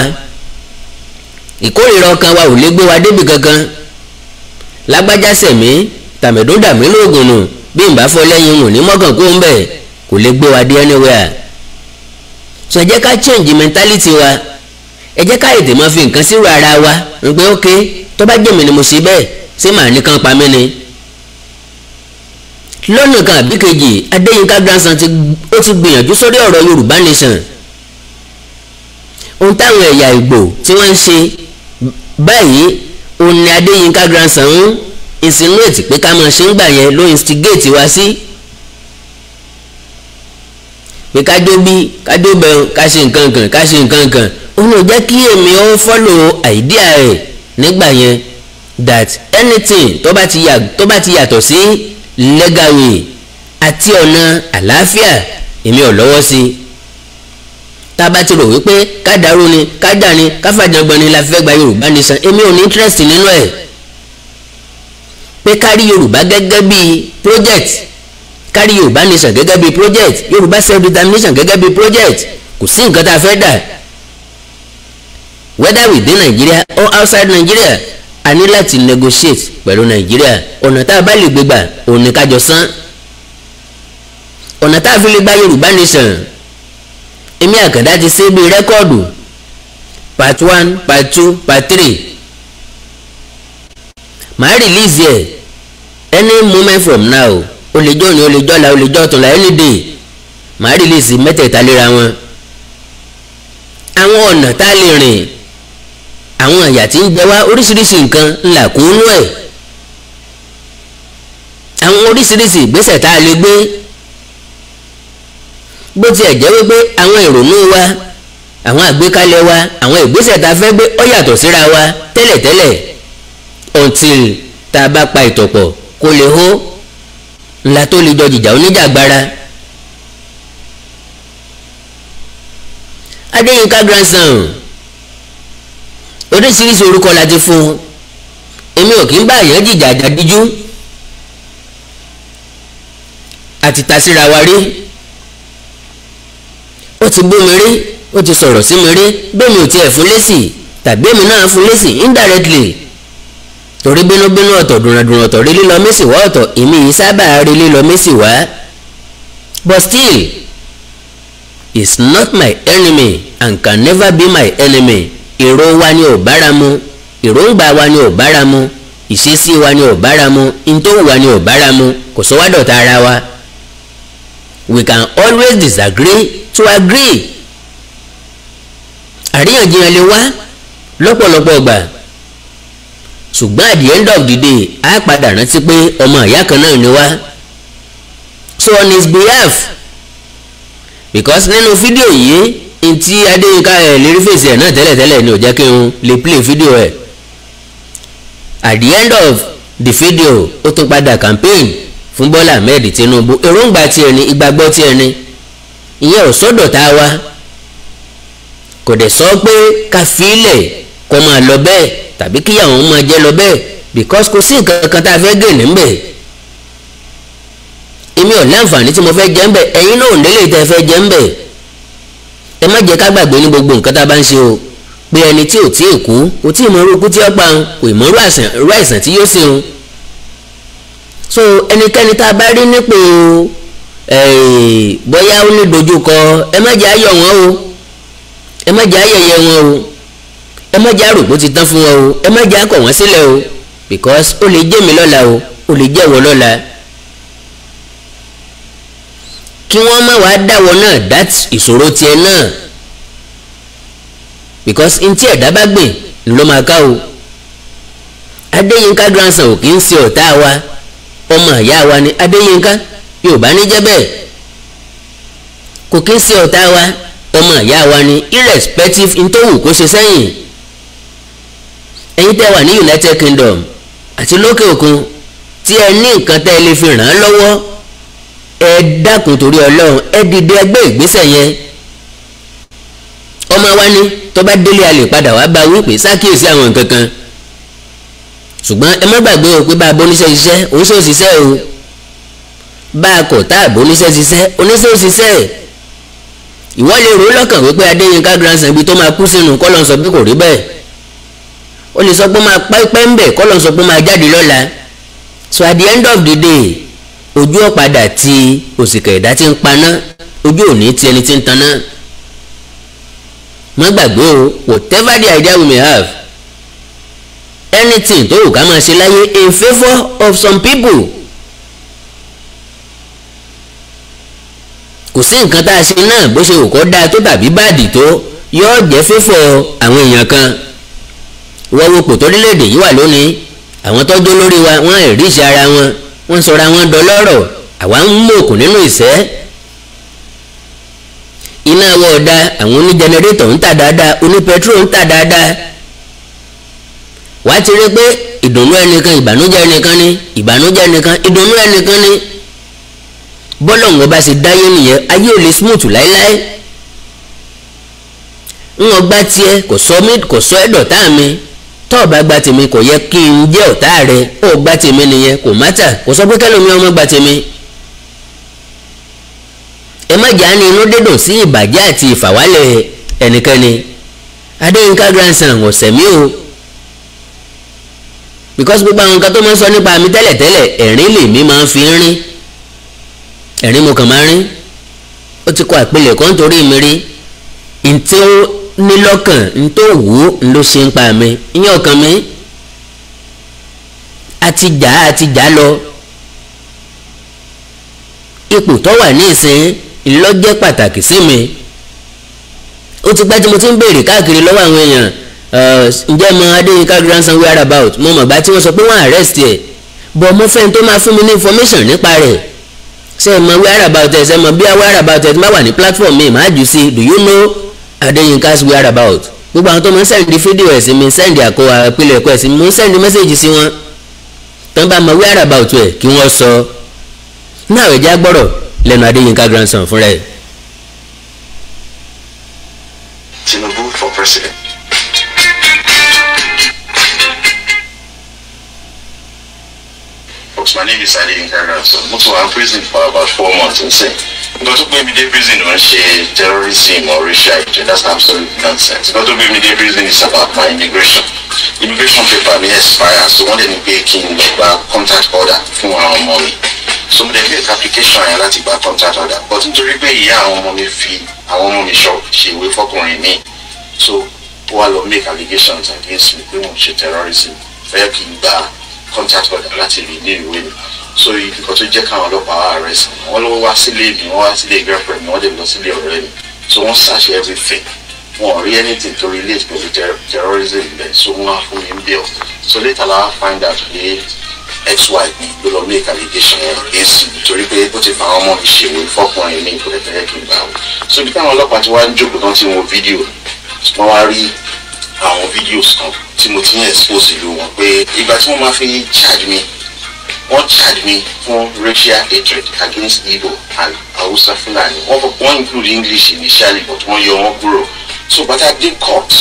ìkórìíra ọkàn wa ò lè gbé wa débi kankan lágbájá sẹ̀mí tàmẹ̀dún dàmí lóògùn nù bí n bá fọ lẹ́yìn wò ní mọ́kàn ń bẹ̀ kò lè gbé wa dé anywhere so jẹ́ ká change mentality wa ẹ jẹ́ ká ètè máa fi nǹkan sírò ara wa ń pé ókè tó bá jẹ̀mí ni mo ṣe bẹ́ẹ̀ ṣé màá nìkan pa mí ni. lọ́nà kan àbí kejì adéyínká grandson ti ó ti gbìyànjú sórí ọ̀rọ̀ yorùbá nation ohun táwọn ẹ̀yà ìgbò tí wọ́n ń ṣe báyìí òun ni adéyínká grandson ń insinuate pé ká máa ṣe ń gbà yẹn ló instigate wá sí. Si pé kájó bí kájó bẹ̀rù ká ṣe nǹkan kan ká ṣe nǹkan kan òun ò jẹ́ kí èmi ó fọ́lò àìdíà rẹ̀ nígbà yẹn that anything tó bá ti yà tó bá ti yàtọ̀ sí legal way àti ọ̀nà àlàáfíà èmi ò lọ́wọ́ sí i tá a bá ti rò wípé ká dàrú ni ká dà ni ká fàjàngbọ̀n ni la fẹ́ gba Yorùbá nation èmi ò ní interest nínú ẹ̀ pé ká rí Yorùbá gẹ́gẹ́ bíi project kárí yorùbá nation gẹ́gẹ́ bí project yorùbá self determination gẹ́gẹ́ bí project kò sí nǹkan tá a fẹ́ dà whether within Nigeria or outside Nigeria a ní láti negotiate pẹ̀lú Nigeria ọ̀nà tá a bá lè gbégbà òun ni kájọ san ọ̀nà tá a fi lè gba yorùbá nation èmi àkàndá ti ṣe bí rẹ́kọ́ọ̀dù part one part two part three màá release yẹ any moment from now. o lè jọ òní o lè jọ ọ̀la o màá rìlíìsì mẹ́tẹ̀ẹ̀ta léra wọn. àwọn ọ̀nà tá a lè rìn àwọn àyà tí ń jẹ wá oríṣiríṣi nǹkan ńlá kó nú ẹ̀ àwọn oríṣiríṣi ìgbésẹ̀ tá a lè gbé wa àwọn àgbékalẹ̀ wa àwọn wa tẹ́lẹ̀tẹ́lẹ̀ until tá a pa ìtọ̀pọ̀ la tó lè jọ jìjà oníjàgbara adéyínká grandson oríṣiríṣi orúkọ la ti fún un èmi ò kí ń bá èèyàn jìjà àjàdíjú àti tasíra wa rí ó ti bú mi rí ó ti sọ̀rọ̀ sí mi rí bẹ́ẹ̀ mi ò tiẹ̀ fún lésì tàbí èmi náà fún lésì indirectly torí bínúbínú ọ̀tọ̀ dùnàdùn ọ̀tọ̀ rí lílọ mẹ́sì wá ọ̀tọ̀ èmi yìí sábà rí lílọ mẹ́sì wá but still is not my enemy and can never be my enemy èrò wa ni ò bára mu èròǹgbà wa ni ò bára mu ìṣesí wa ni ò bára mu ntòhùn wa ni ò bára mu kò sọ wá dọ̀tá ara wa we can always disagree to agree àríyànjiyàn lè wá lọ́pọ̀lọpọ̀ gbà ṣùgbọ́n at the end of the day a padà rántí pé ọmọ ìyá kan náà ni wá so on his behalf because nínú fídíò yìí ntí adéyínká ẹ̀ lérí fèsì ẹ̀ náà tẹ́lẹ̀tẹ́lẹ̀ ni ò jẹ́ kí n lè play fídíò ẹ̀ at the end of the video ó tún padà campaign fún Bọ́lá Ahmed Tinubu èròǹgbà tiẹ̀ ni ìgbàgbọ́ tiẹ̀ ni ìyẹn ò sọ́dọ̀ tá a wá kò dẹ̀ sọ pé ká fi ilẹ̀ kó máa lọ bẹ́ẹ̀ tàbí kí àwọn ọmọ jẹ́ lọ bẹ́ẹ̀ because kò sí nǹkan kan tá a fẹ́ gè ní bẹ̀ èmi ò láǹfààní tí mo fẹ́ jẹ́ ń bẹ̀ ẹ̀yin náà ò nílé ìtẹ́ fẹ́ jẹ́ ń ẹ má jẹ́ ká gbàgbé ní gbogbo nǹkan tá a bá ń ṣe o pé ẹni tí ò tí ì kú kò tí ì mọ irú ikú tí ó pa ń kò ì mọ irú àìsàn tí yóò sìn so ẹnikẹ́ni tá a bá rí nípò eh, bóyá ó ní dojúkọ ẹ má jẹ́ ayọ̀ wọn o ẹ má jẹ́ ayẹyẹ wọn o ẹ má jẹ́ àrògbó ti tán fún wọn o ẹ má jẹ́ àkọ̀ sílẹ̀ o because ó lè jẹ́ mi lọ́la o ó lè jẹ́ wọ́n lọ́la kí wọ́n má wàá dáwọ́ náà that ìṣòro tiẹ̀ náà because ntí ẹ̀dá bá gbìn ló máa ká o adéyínká grandson ò kì í ṣe ọ̀tá wa ọmọ ìyá wa ni adéyínká yorùbá ní jẹ́ bẹ́ẹ̀ kò kì í ṣe ọ̀tá wa ọmọ ìyá wa ni irrespective ntòwù kó ṣe sẹ́yìn ẹ̀yin tẹ́ wà ní United Kingdom àti lókè òkun tí ẹ ní nǹkan tẹ́ ẹ lè fi ràn án lọ́wọ́ ẹ dákun torí Ọlọ́run ẹ dìde ẹgbẹ́ ìgbésẹ̀ yẹn ọmọ wa ni tó bá délé a lè padà wá bá wípé ṣàkíyèsí àwọn nǹkan kan ṣùgbọ́n ẹ má gbàgbé o pé bá a bóníṣẹ́ ṣiṣẹ́ oníṣẹ́ òṣìṣẹ́ o bá a kọ̀ tá a bóníṣẹ́ ṣiṣẹ́ oníṣẹ́ òṣìṣẹ́ ìwọ rò lọ́kàn wípé Adéyínká grandson ibi tó máa kú sínú kọ́ lọ́n kò rí bẹ́ẹ̀ o lè sọ pé máa pẹ́ ń bẹ̀ kọ́ lọ́n sọ pé máa jáde lọ́la so at the end of the day ojú ọ̀padà tí òsìkà ẹ̀dá ti ń paná ojú òní ti ẹni ti ń taná má gbàgbé o whatever the idea we may have anything tó wù ká máa ṣe láyé in favour of some people kò sí nǹkan tá a ṣe náà bó ṣe wù kó dáa tó tàbí báàdì tó yóò jẹ́ favour àwọn èèyàn kan. wọ́n wo pò torílẹ̀-èdè yìí wà lónìí àwọn tọ́jú lórí wa wọ́n ìrísí ara wọn wọ́n sọra wọn dọlọ́rọ̀ àwa ń mú òkun nínú ìṣẹ́ iná wọ ọ̀dà àwọn oní ń tà dáadáa oní ń tà dáadáa wàá ti rí pé ìdùnnú ni ìbànújẹ́ ẹnìkan ìdùnnú ẹnìkan ni bọ́lọ̀ ń bá ṣe dáyé nìyẹn ayé ò lè smooth láéláé ń tiẹ̀ kò sọ ẹ̀dọ̀ tá mi tó o bá gba tèmi kò yẹ kí n jẹ́ ọ̀tá rẹ ó gba tèmi nìyẹn kò mátà kò sọ pé kẹ́lómi ọmọ gba tèmi. ẹ má jà ní inú dídùn sí ìbàjẹ́ àti ìfàwálẹ̀ ẹnikẹ́ni adéyínká grandson ọ̀sẹ̀ mi o because gbogbo àwọn nǹkan tó máa ń sọ nípa mi tẹ́lẹ̀tẹ́lẹ̀ ẹ̀rín lèmi máa ń fi ń rín ẹ̀rín mo kàn máa rín ó ti kọ àpilẹ̀kọ́ nítorí mi rí ntí ní lọ́kàn n tó wù ú n ló ṣe ń pa mi ìyẹn ọkàn mi àti jà àti jà lọ ipò tó wà ní ìsìn ńlọ́jẹ́ pàtàkì sí mi ó ti pẹ́ tí mo ti ń béèrè káàkiri lọ́wọ́ àwọn èèyàn ǹjẹ́ mo adéyínká grandson where about mo mọ̀ gbá tí wọ́n sọ pé wọ́n arrest ẹ̀ bọ̀ mo fẹ́ tó máa fún mi ní information nípa rẹ̀ ṣe mo where about ẹ̀ ṣe mo bí where about ẹ̀ ti máa wà ní platform mi màá jù sí do you know adéyínká square about gbogbo àwọn tó mọ ń sẹ́ndì fídíò ẹ̀ sí mi sẹ́ndì àkó àpilẹ̀ ẹ̀kọ́ ẹ̀ sí mi mo ń sẹ́ndì mẹ́sẹ̀gì sí wọn tán bá mọ where about ẹ̀ kí wọ́n sọ náà ẹ̀jẹ̀ agbọ́rọ̀ lẹ́nu adéyínká grandson fúnra ẹ̀. Tinubu for president. Folks, my name is Adeyinka grandson. Mo ti wà in prison for about four months nsìn nǹkan to gbé me dé prison when she terrorism or racial hatred that's absolute nonsense nǹkan to gbé me dé prison is about my immigration immigration paper mi expire so wọ́n lè ní pé kí n lọ contact order for our money. mi so mo dẹ̀ make application yẹn láti gba contact order but nítorí yeah, our money fee, our money àwọn she will fuck on me. so wọ́n á make allegations against me pé wọ́n ṣe terrorism fẹ́ king n gba contact order that's renew ìwé so nǹkan tó jẹ́ káwọn ọlọ́pàá arrest sí wọ́n lọ́wọ́ wá sílé mi wọ́n wá sílé girlfriend mi wọ́n lè lọ sílé ọ̀rẹ́ mi so wọ́n search everything wọn ò rí anything to relate pẹ̀lú terrorism bẹ́ẹ̀ so wọ́n á fún mi ń bẹ́ẹ̀ so later la find out pé ex-wife mi ló lọ make allegation against me torí pé ó ti fa àwọn ọmọ mi ṣèwé fọkùnrin mi kò lè fẹ́ kí n gbà wọ́n so ibi táwọn ọlọ́pàá ti wá ń jókòó tán tí wọ́n fídíò wọ́n wá rí àwọn fídíòs kan tí mo ti ń expose ìlú wọn pé ìgbà tí wọ́n máa fi charge me wọ́n charge me fún racial hatred against Igbo and Hausa Fulani wọ́n wọ́n include English initially but wọ́n yọ wọ́n kúrò so but I did court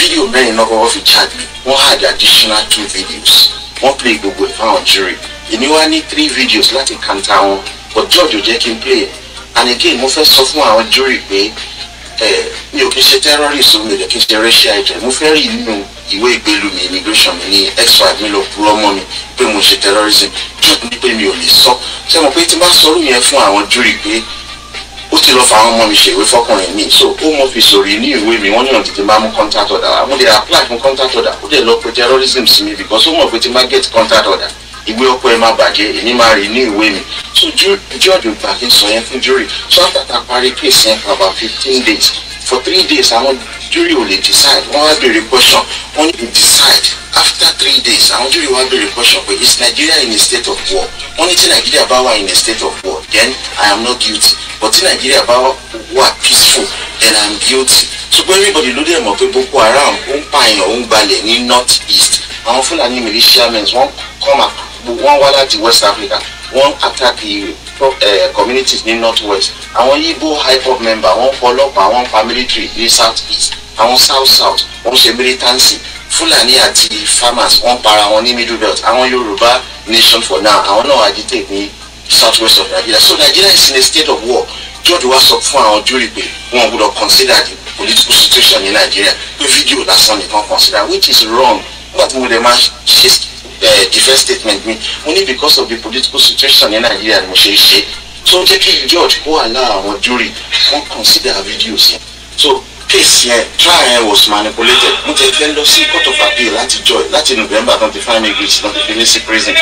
video mẹ́rin náà kọ́kọ́ fi charge me wọ́n had additional two videos wọ́n play gbogbo ẹ̀ fáwọn jury èmi wá ní three videos láti kanta wọn but George ò jẹ́ kí n play and again mo fẹ́ sọ fún àwọn jury pé mi ò kí ń ṣe terrorist mi ò dẹ̀ kí ń ṣe racial agent mo fẹ́ rí nínú ìwé ìgbélú mi immigration mi ní ex mi ló purọ́ mọ́ mi pé mo ṣe terrorism truth ni pé mi ò lè sọ ṣé mo pé tí n bá sọ yẹn fún àwọn jury pé ó ti lọ fa àwọn ọmọ mi ṣe ìwé fọkùnrin mi so ó mọ fi sòrí ní ìwé mi wọ́n yàn tètè máa mú contact order wa mo apply fún contact order ó dẹ̀ lọ pé terrorism sí mi because ó mọ̀ pé tí n bá get contact order ìwé ọkọ ẹ má bàjẹ́ èmi máa rí ní ìwé mi so george gbàgbé sọ yẹn fún jury so after that parí case yẹn for about fifteen days for three days àwọn jury ò lè decide wọ́n wá béèrè question wọ́n lè decide after three days àwọn jury wá béèrè question pé is Nigeria in a state of war wọ́n ní tí Nigeria bá wà in a state of war then I am not guilty but tí Nigeria bá wà peaceful then I am guilty ṣùgbọ́n everybody ló dẹ̀ mọ̀ pé Boko Haram ó ń pààyàn ó ń gbalẹ̀ ní north east àwọn Fúlàní militiamen wọ́n come across wọ́n wá láti west africa wọ́n attack uh, communities ní north west àwọn igbo up member wọ́n pa ọlọ́pàá wọ́n pa military ní south east àwọn south south wọ́n ṣe militancy fúlàní àti farmers wọ́n para wọn ní middle belt àwọn yorùbá nation for now àwọn náà agitate ní south west of nigeria so nigeria is in a state of war george wa sọ fún àwọn jury pé wọn gbọ́dọ̀ consider the political situation in nigeria pé fídíò lásán nìkan consider which is wrong nígbà tí mo lè máa ṣe Eh, defence statement mean only because of the political situation in Nigeria ni mo ṣe ṣe so jẹ́ kí george who àlá àwọn jury wọ́n consider videos yẹn so case yẹn trial yẹn was manipulated mo tẹ fẹ́ lọ sí court of appeal láti joy láti november tán ti find me guilty tán ti fi mí sí prison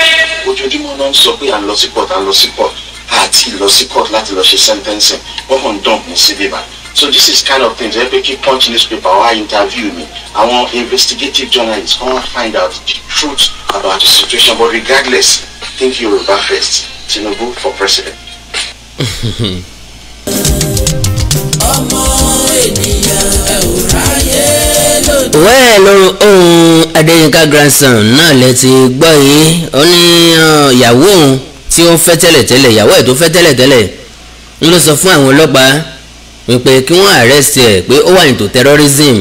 ojoojúmọ́ náà ń sọ pé à ń lọ sí court à ń lọ sí court àti lọ court láti lọ ṣe sentencing wọ́n kàn ń dump mi sí bíbá so this is kind of things Every pé punch newspaper wá interview me. I want investigative journalists come find out the truth about the situation but regardless think Yorùbá first Tinubu for president. Well, ènìyàn ẹ oh, ò ráyè ohun Adéyínká grandson náà lè ti gbọ́ yìí ó ní uh, ìyàwó òun tí ó ń fẹ́ tẹ́lẹ̀tẹ́lẹ̀ ìyàwó ẹ̀ tó fẹ́ tẹ́lẹ̀tẹ́lẹ̀ ń lọ sọ fún àwọn ọlọ́pàá wípé kí wọ́n arrest ẹ̀ pé ó wà into terrorism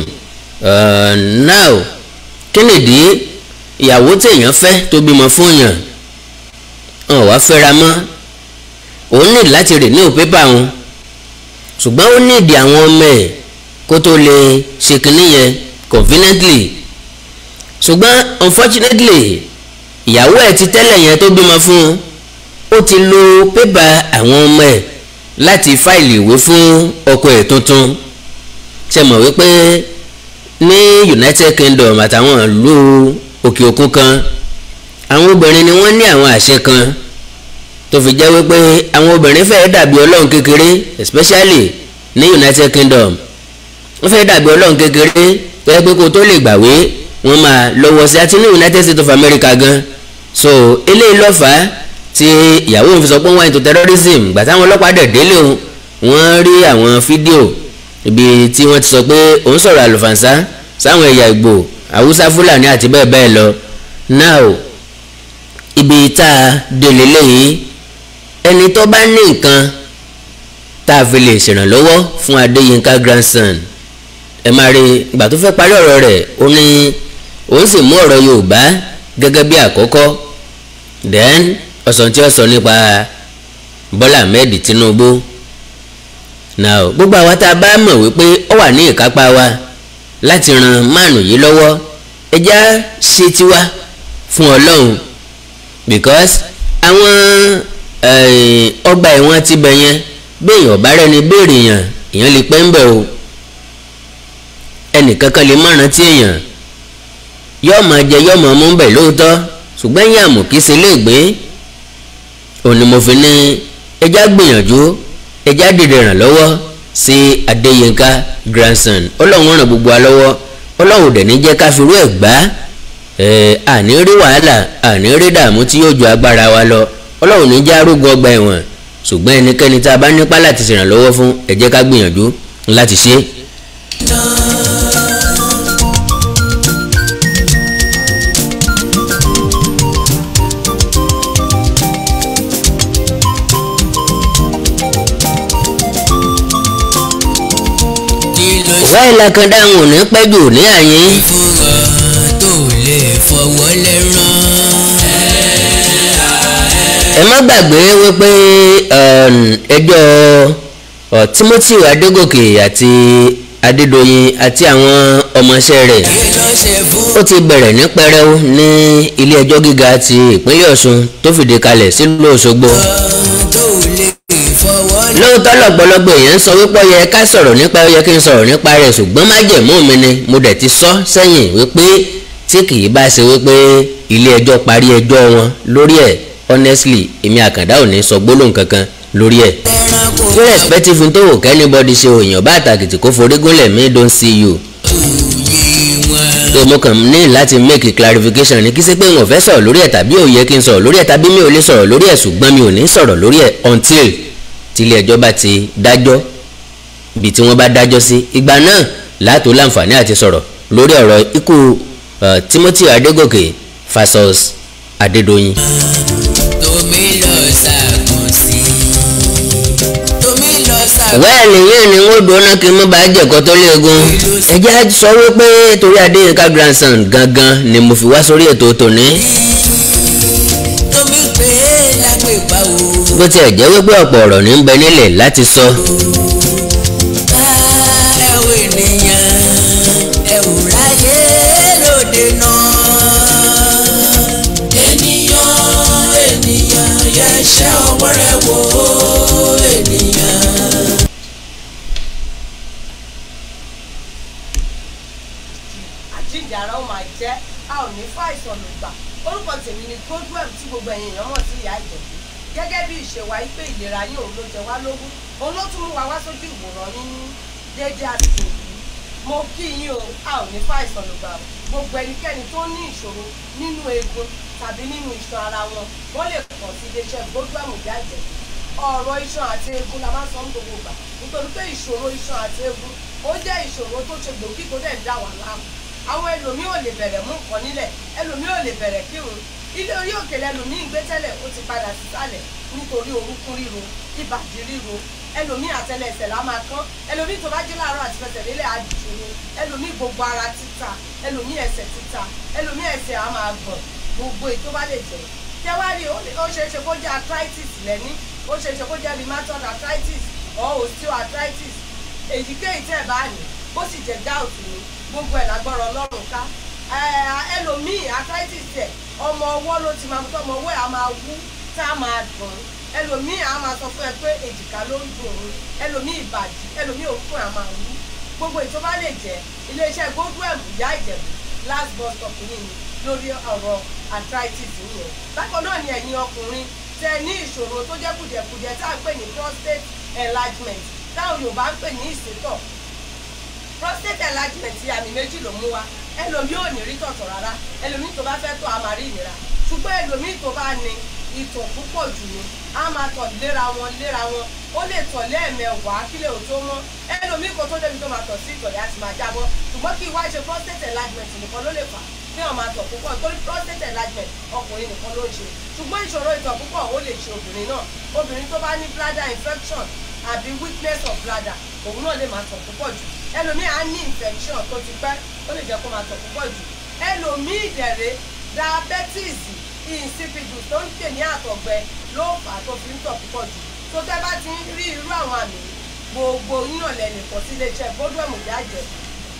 uh, now kí nìdí ìyàwó téèyàn fẹ́ tó bímọ fún yàn ọ̀ wá fẹ́ra mọ́ òun ní láti rè ní òpépà wọn ṣùgbọ́n ó ní ìdí àwọn ọmọ ẹ̀ kó tó lè ṣe kínní yẹn conveniently ṣùgbọ́n unfortunately ìyàwó ẹ̀ ti tẹ́lẹ̀ yẹn tó bímọ fún un ó ti lo pépà àwọn ọmọ ẹ̀ láti fáìlì ìwé fún ọkọ ẹ̀ tuntun ṣe mọ̀ wípé ní United Kingdom àtàwọn ìlú òkè òkun kan àwọn obìnrin ni wọ́n ní àwọn àṣẹ kan tó fi jẹ́ wípé àwọn obìnrin fẹ́ẹ́ dàbí ọlọ́run kékeré especially ní United Kingdom wọ́n fẹ́ẹ́ dàbí ọlọ́run kékeré tó yẹ pé kó tó lè gbàwé wọ́n máa lọ́wọ́ sí àti ní United States of America gan so eléyìí ló fà tí ìyàwó òun fi sọ pé wọ́n into terrorism gbà táwọn ọlọ́pàá dẹ̀ délé òun wọ́n rí àwọn fídíò ibi tí wọ́n ti sọ pé òun sọ̀rọ̀ àlùfànṣá sáwọn ẹ̀yà ìgbò haúsá fúlàní àti bẹ́ẹ̀ bẹ́ẹ̀ lọ now ibi tá a délé lẹ́yìn ẹni tó bá ní nǹkan tá a fi lè ṣèrànlọ́wọ́ fún adéyínká grandson ẹ máa rí ìgbà tó fẹ́ parí ọ̀rọ̀ rẹ̀ ó ní òun sì mú ọ̀rọ̀ yorùbá gẹ́gẹ́ bí àkọ́kọ́ then ọ̀sán tí nípa Bọ́lá Ahmed Tinubu náà gbogbo àwa tá a bá mọ̀ wípé ó wà ní ìkápá wa láti ran mánu yìí lọ́wọ́ ẹja ṣe tiwa fún Ọlọ́run because àwọn ọgbà ẹ̀wọ̀n ti bẹ̀ yẹn ọ̀bá bá rẹ́ni béèrè èèyàn lè pẹ́ ń bẹ̀ o ẹnìkankan lè rántí èèyàn yọ́ọ̀mọ̀ jẹ yọ́ọ̀mọ̀ mú bẹ̀ lóòótọ́ òní mo fi ní ẹjá gbìyànjú ẹjá dìde ràn lọ́wọ́ sí Adéyínká grandson ọlọ́run ràn gbogbo wa lọ́wọ́ ọlọ́run dẹ̀ ní jẹ́ ká firú ẹ̀ gbá àní rí wàhálà àní rí dààmú tí yóò ju agbára wa lọ ọlọ́run ní já rúgbọ ọgbà ẹ̀wọ̀n ṣùgbọ́n ẹnikẹ́ni tá a bá nípa láti ṣèrànlọ́wọ́ fún ẹ ká gbìyànjú láti ṣe é. láìlákan dáhùn ò ní pẹ́jù ní àyè. ìfúnra tó lè fọwọ́ lẹ́rán. ẹ má gbàgbé wípé um, ẹjọ́ uh, Timothy Adégòkè àti Adédoyin àti àwọn ọmọọṣẹ́ rẹ̀ ó ti bẹ̀rẹ̀ ní pẹrẹu ní ilé ẹjọ́ gíga ti ìpínlẹ̀ Ọ̀ṣun tó fìdí kalẹ̀ sílùú Òṣogbo. Oh lóòótọ́ lọ́gbọ̀lọ́gbọ̀ èèyàn sọ wípé ó yẹ ká sọ̀rọ̀ nípa ó kí n sọ̀rọ̀ nípa rẹ̀ ṣùgbọ́n májẹ̀mú mi ni mo dẹ̀ ti sọ sẹ́yìn wípé tí kì í bá ṣe wípé ilé ẹjọ́ parí ẹjọ́ wọn lórí ẹ̀ honestly èmi àkàndá ò ní sọ gbólóhùn kankan lórí ẹ̀. irrespective tó wò kẹ́nibọ́dì ṣe òyìnbó bá àtàkìtì kó forígúnlẹ̀ mi don see you mo kàn ní láti make clarification ní kí ṣe pé n ò fẹ́ sọ̀rọ̀ lórí ẹ̀ tàbí ò yẹ kí n sọ̀rọ̀ lórí ẹ̀ tàbí mi ò lè sọ̀rọ̀ lórí ẹ̀ ṣùgbọ́n mi ò ní sọ̀rọ̀ lórí ẹ̀ until tílé ẹjọ́ bá ti dájọ́ ibi tí wọ́n bá dájọ́ sí ìgbà náà láàtò láǹfààní àti sọ̀rọ̀ lórí ọ̀rọ̀ ikú Timothy Adégòkè versus Adédoyin. wẹ́ẹ̀lì yẹn ni wọ́n dùn ọ́nà kí n bá jẹ̀kọ́ tó léegun. ẹ jẹ́ sọ wípé torí Adéyínká grandson gangan ni mo fi wá sórí ètò tòní. bó tiẹ̀ jẹ́ wípé ọ̀pọ̀ ọ̀rọ̀ ní ń bẹ nílẹ̀ láti sọ ṣe wá pé ìlera yín òun ló jẹ wá lógún òun ló tún mú wa wá sójú ìwòran yín ní déédéé àsìkò yìí mo kí yín o a ò ní fàìsàn lùgbà o gbogbo ẹnikẹ́ni tó ní ìṣòro nínú eegun tàbí nínú iṣan ara wọn wọ́n lè kàn sí iléeṣẹ́ gbogbo àmùjá ìjẹ̀bù ọ̀rọ̀ iṣan àti eegun la máa ń sọ ní gbogbo ìgbà nítorí pé ìṣòro iṣan àti eegun ó jẹ́ ìṣòro tó ṣe gbòógì tó dẹ̀ ń dà wá láàmú àwọn ẹlòmíì ò lè bẹ̀rẹ̀ mú nǹkan nílẹ̀ ẹlòmíì ò lè bẹ̀rẹ̀ kírun ilé orí òkèlè ẹlòmíì gbé tẹ́lẹ̀ ó ti padà sísàlẹ̀ nítorí orúkún ríro ìbàdí ríro ẹlòmíì àtẹlẹsẹ̀ la máa kán ẹlòmíì tó bá jí láàárọ̀ àti fẹsẹ̀ lélẹ̀ àdìjú ni ẹlòmíì gbogbo ara títa ẹlòmíì ẹsẹ̀ títa ẹlòmíì ẹsẹ̀ á máa gbọ̀n gbogbo èyí tó bá lè jẹ́ tẹwárí ó ṣeé ṣe kó jẹ́ arthritis lẹ́ní ó ṣeé ṣe kó jẹ́ rheumatoid arthritis or osteoarthritis èyíkéyìí tẹ̀ bá ní bó sì jẹ́ gout ni gbogbo ẹ̀ lágbọ́rọ̀ ọlọ́run ká ẹlòmíì arthritis tẹ̀ ọmọ ọwọ́ ló ti máa mú tọ́mọ ọwọ́ ẹ̀ máa wú tá a máa dùn ẹlòmíì a máa sọ fún ẹ pé èjìká ló ń dùn òun ẹlòmíì ìbàdí ẹlòmíì òkun a máa wú gbogbo ìtọ́ba lè jẹ́ iléeṣẹ́ goldwell ìyá ìjẹ̀bù last bus stop yìí ni lórí ọ̀rọ̀ arthritis yìí bákan náà ni ẹ̀yin ọkùnrin tẹ ní ìṣòro tó jẹ́ kùdẹ̀kùdẹ̀ tá à pè ní prostate enlargement táwọn Yorùbá ń pè ní ìsétọ̀ prostate enlargement ti àmì méjì ló mú wa ẹlòmíì ò ní rí tọ̀tọ̀ rárá ẹlòmíì tó bá fẹ́ tọ̀ a ìnira ṣùgbọ́n ẹlòmíì tó bá ní ìtọ̀ púpọ̀ jù ní a máa tọ̀ léra wọn léra wọn ó lè tọ̀ lẹ́ẹ̀mẹwàá kílẹ̀ ò tó mọ́ ẹlòmíì kò tó débi tó máa tọ̀ sí ìtọ̀ yá ti máa jábọ́ ṣùgbọ́n kí wáá ṣe prostate enlargement nìkan ló lè fà á kí wọ́n máa tọ̀ púpọ̀ torí prostate enlargement ọkùnrin nìkan ló ṣe ṣùgbọ́n ìṣòro ìtọ̀ púpọ̀ ó lè ṣe obìnrin náà obìnrin tó bá ní bladder infection àbí weakness of bladder òun náà lè máa tọ̀ púpọ̀ jù ẹlòmíì á ní infection tó ti pẹ́ ó lè jẹ́ kó máa tọ̀ púpọ̀ jù ẹlòmíì ìdẹ̀rẹ̀ diabetes insipidus tó ń pè ní àtọ̀gbẹ ló fà á tó fi ń tọ̀ púpọ̀ jù tó tẹ́ bá ti ń rí irú àwọn àmì gbogbo yín nìkan sí iléeṣẹ́ Bolden Muyaje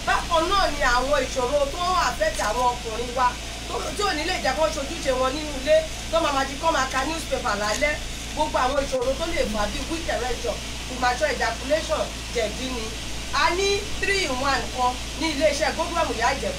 bákan náà ni àwọn ìṣòro tó ń àfẹ́tẹ̀ àwọn ọkùnrin wa tí ò ní lè jẹ́ kó ṣojúṣe wọn nínú ilé tó máa máa di kọ́ máa ka newspaper lálẹ́ gbogbo àwọn ìṣòro tó lè fà bíi weak erection premature ejaculation jẹ̀dí ni a ní three in one kan ní iléeṣẹ́ Bolden Muyaje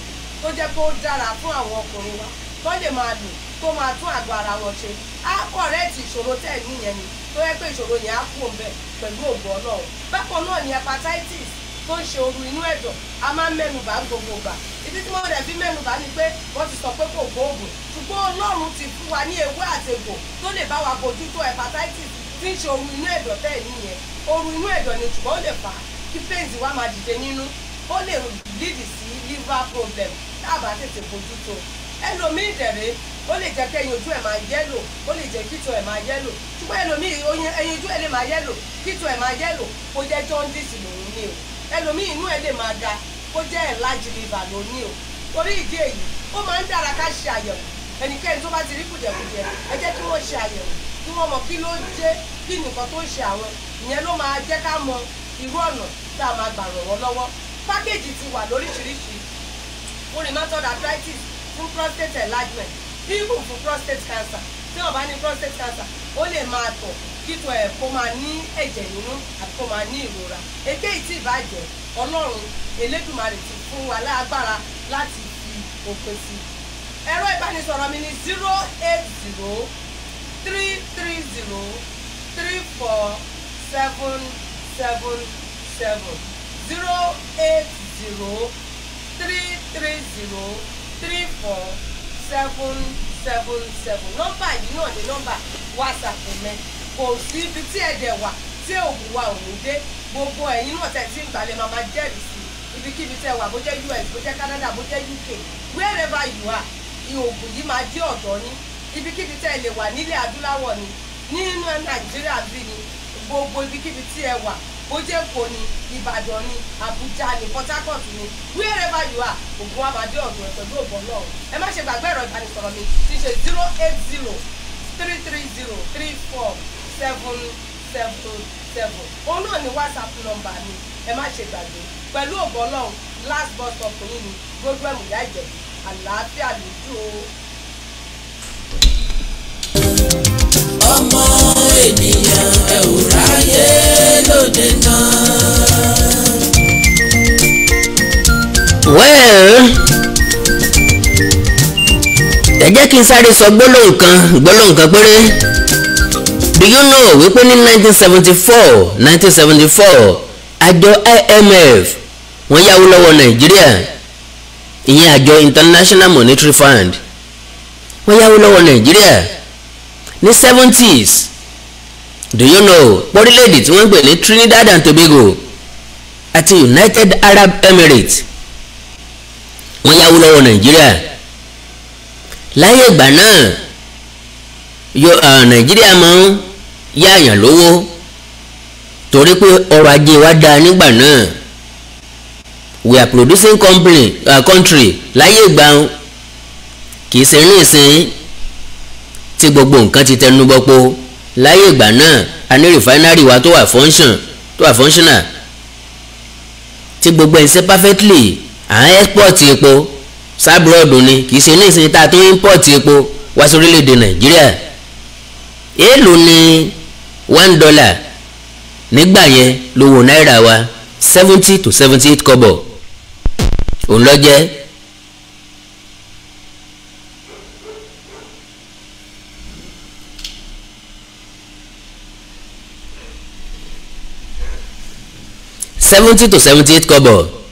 tó jẹ́ kó dára fún àwọn ọkùnrin wa tó lè máa lò tó máa tún àgọ́ ara wọn ṣe á kọ̀rẹ́ẹ̀tì ìṣòro tẹ̀ ní yẹn ni tó yẹ pé ìṣòro yẹn á kú òǹbẹ̀ pẹ̀lú òògùn ọlọ́run bákan náà ni hepatitis tó ń ṣe ooru inú ẹ̀dọ̀ a máa ń mẹ́nubà gbogbo ìgbà ìdí tí wọ́n rẹ̀ fi mẹ́nubà ni pé wọ́n ti sọ pé kò gbóògùn ṣùgbọ́n ọlọ́run ti fún wa ní ewé àtegbò tó lè bá wa bójú tó hepatitis tí ń ṣe ooru inú ẹ̀dọ̀ tẹ̀ nìyẹn ooru inú ẹ̀dọ̀ ni ṣùgbọ́n ó lè fà á kí pains wa máa dìde nínú ó lè lead sí liver problem tá a bá tètè bójú tó ẹlòmíì dẹ̀rẹ̀ ó lè jẹ́ kí ẹyin ojú ẹ̀ máa yẹ́lò ó lè jẹ́ kí ìtọ̀ ẹ̀ máa yẹ́lò ṣùgbọ́n ẹlòmíì ẹyin ojú ẹ̀ lè máa yẹ́lò kí ìtọ̀ ẹ̀ máa yẹ́lò kó jẹ́ jaundice lòun ní o ẹlòmíì inú ẹ̀ lè máa ga kó jẹ́ enlarged liver lòun ní o torí ìdí èyí ó máa ń dára ká ṣe àyẹ̀wò ẹnikẹ́ni tó bá ti rí kùjẹ̀kùjẹ̀ ẹ jẹ́ kí wọ́n ṣe àyẹ̀wò kí wọ́n mọ̀ kí ló jẹ́ kí nìkan tó ń ṣe àwọn ìyẹn ló máa jẹ́ ká mọ irú ọ̀nà tá a máa gbà ràn wọ́n lọ́wọ́ pákéjì ti wà lóríṣiríṣi fún rheumatoid arthritis fún prostate enlargement even for prostate cancer tí o bá ní prostate cancer ó lè máa tọ̀ títọ̀ ẹ̀ kó máa ní ẹ̀jẹ̀ nínú àti kó máa ní ìrora èkéyìí tí ìbàjẹ́ ọlọ́run elédùnmarè ti fún wa lágbára láti fi òpin sí ẹ̀rọ ìbánisọ̀rọ̀ mi ni zero eight zero three three zero three four seven seven seven zero eight zero three three zero three four seven seven seven nọ́mbà yìí náà ni nọ́mbà whatsapp mi kò sí ibi tí ẹ̀jẹ̀ wà tí òògùn wa ò ní dé gbogbo ẹ̀yin náà tẹ̀ tí ń gbalẹ̀ máa máa jẹ́rìí sí ibikíbi tẹ̀ wà bó jẹ́ US bó jẹ́ Canada bó jẹ́ UK wherever you are ìhòògùn yìí máa dé ọ̀dọ̀ yín ibikíbi tẹ̀ lè wà nílẹ̀ adúláwọ̀ ni nínú Nàìjíríà bí ni gbogbo ibikíbi tí ẹ wà bójẹ́ ni ìbàdàn ni àbújá ni port harcourt ni wherever you are ògùn wa máa dé ọ̀dọ̀ ẹ̀ pẹ̀lú ògbọ́n náà ẹ má ṣe gbàgbé ẹ̀rọ ìbánisọ̀rọ̀ mi ti ṣe zero eight zero three three zero three four seven seven seven òun náà ni whatsapp number mi ẹ má ṣe gbàgbé pẹ̀lú ògbọ́n náà last bus stop yìí ni gbogbo ẹ̀mú ìyá ìjẹ̀bù àlàáfíà lójú o. ọmọ ènìyàn ẹ̀ ò ráyè lóde tán. well ẹ jẹ́ kí n sáré sọ gbólóhùn kan gbólóhùn kan péré do you know wípé ní 1974 1974 àjọ IMF wọ́n yáwó lọ́wọ́ Nàìjíríà ìyẹn àjọ International Monetary Fund wọ́n yáwó lọ́wọ́ Nàìjíríà ní 70s do you know pọ́rílẹ̀èdè tí wọ́n ń pè ní Trinidad and Tobago àti United Arab Emirates wọ́n yáwó lọ́wọ́ Nàìjíríà láyé ìgbà náà Nàìjíríà máa ń yáàyàn lówó torí pé ọrọ̀ ajé wa dáa nígbà náà we are producing company, uh, country láyé ìgbà kì í ṣe ní ìsìn tí gbogbo nǹkan ti tẹnu bọ́pọ̀ láyé ìgbà náà a ní rìfáínárì wa tó wà fọ́nṣàn tó wà fọ́nṣànà tí gbogbo ẹ̀ ń ṣe perfectly à ń ẹ́pọ̀tì epo sábúrọ̀dù ni kì í ṣe ní ìsinyìí tá a tún ímpọ̀tì epo wá sí orílẹ̀-èdè nàìjíríà èèlò ni one dollar nígbà yẹn lówó náírà wa seventy to seventy eight kọ́bọ̀ òun lọ jẹ́ seventy to seventy eight kọ́bọ̀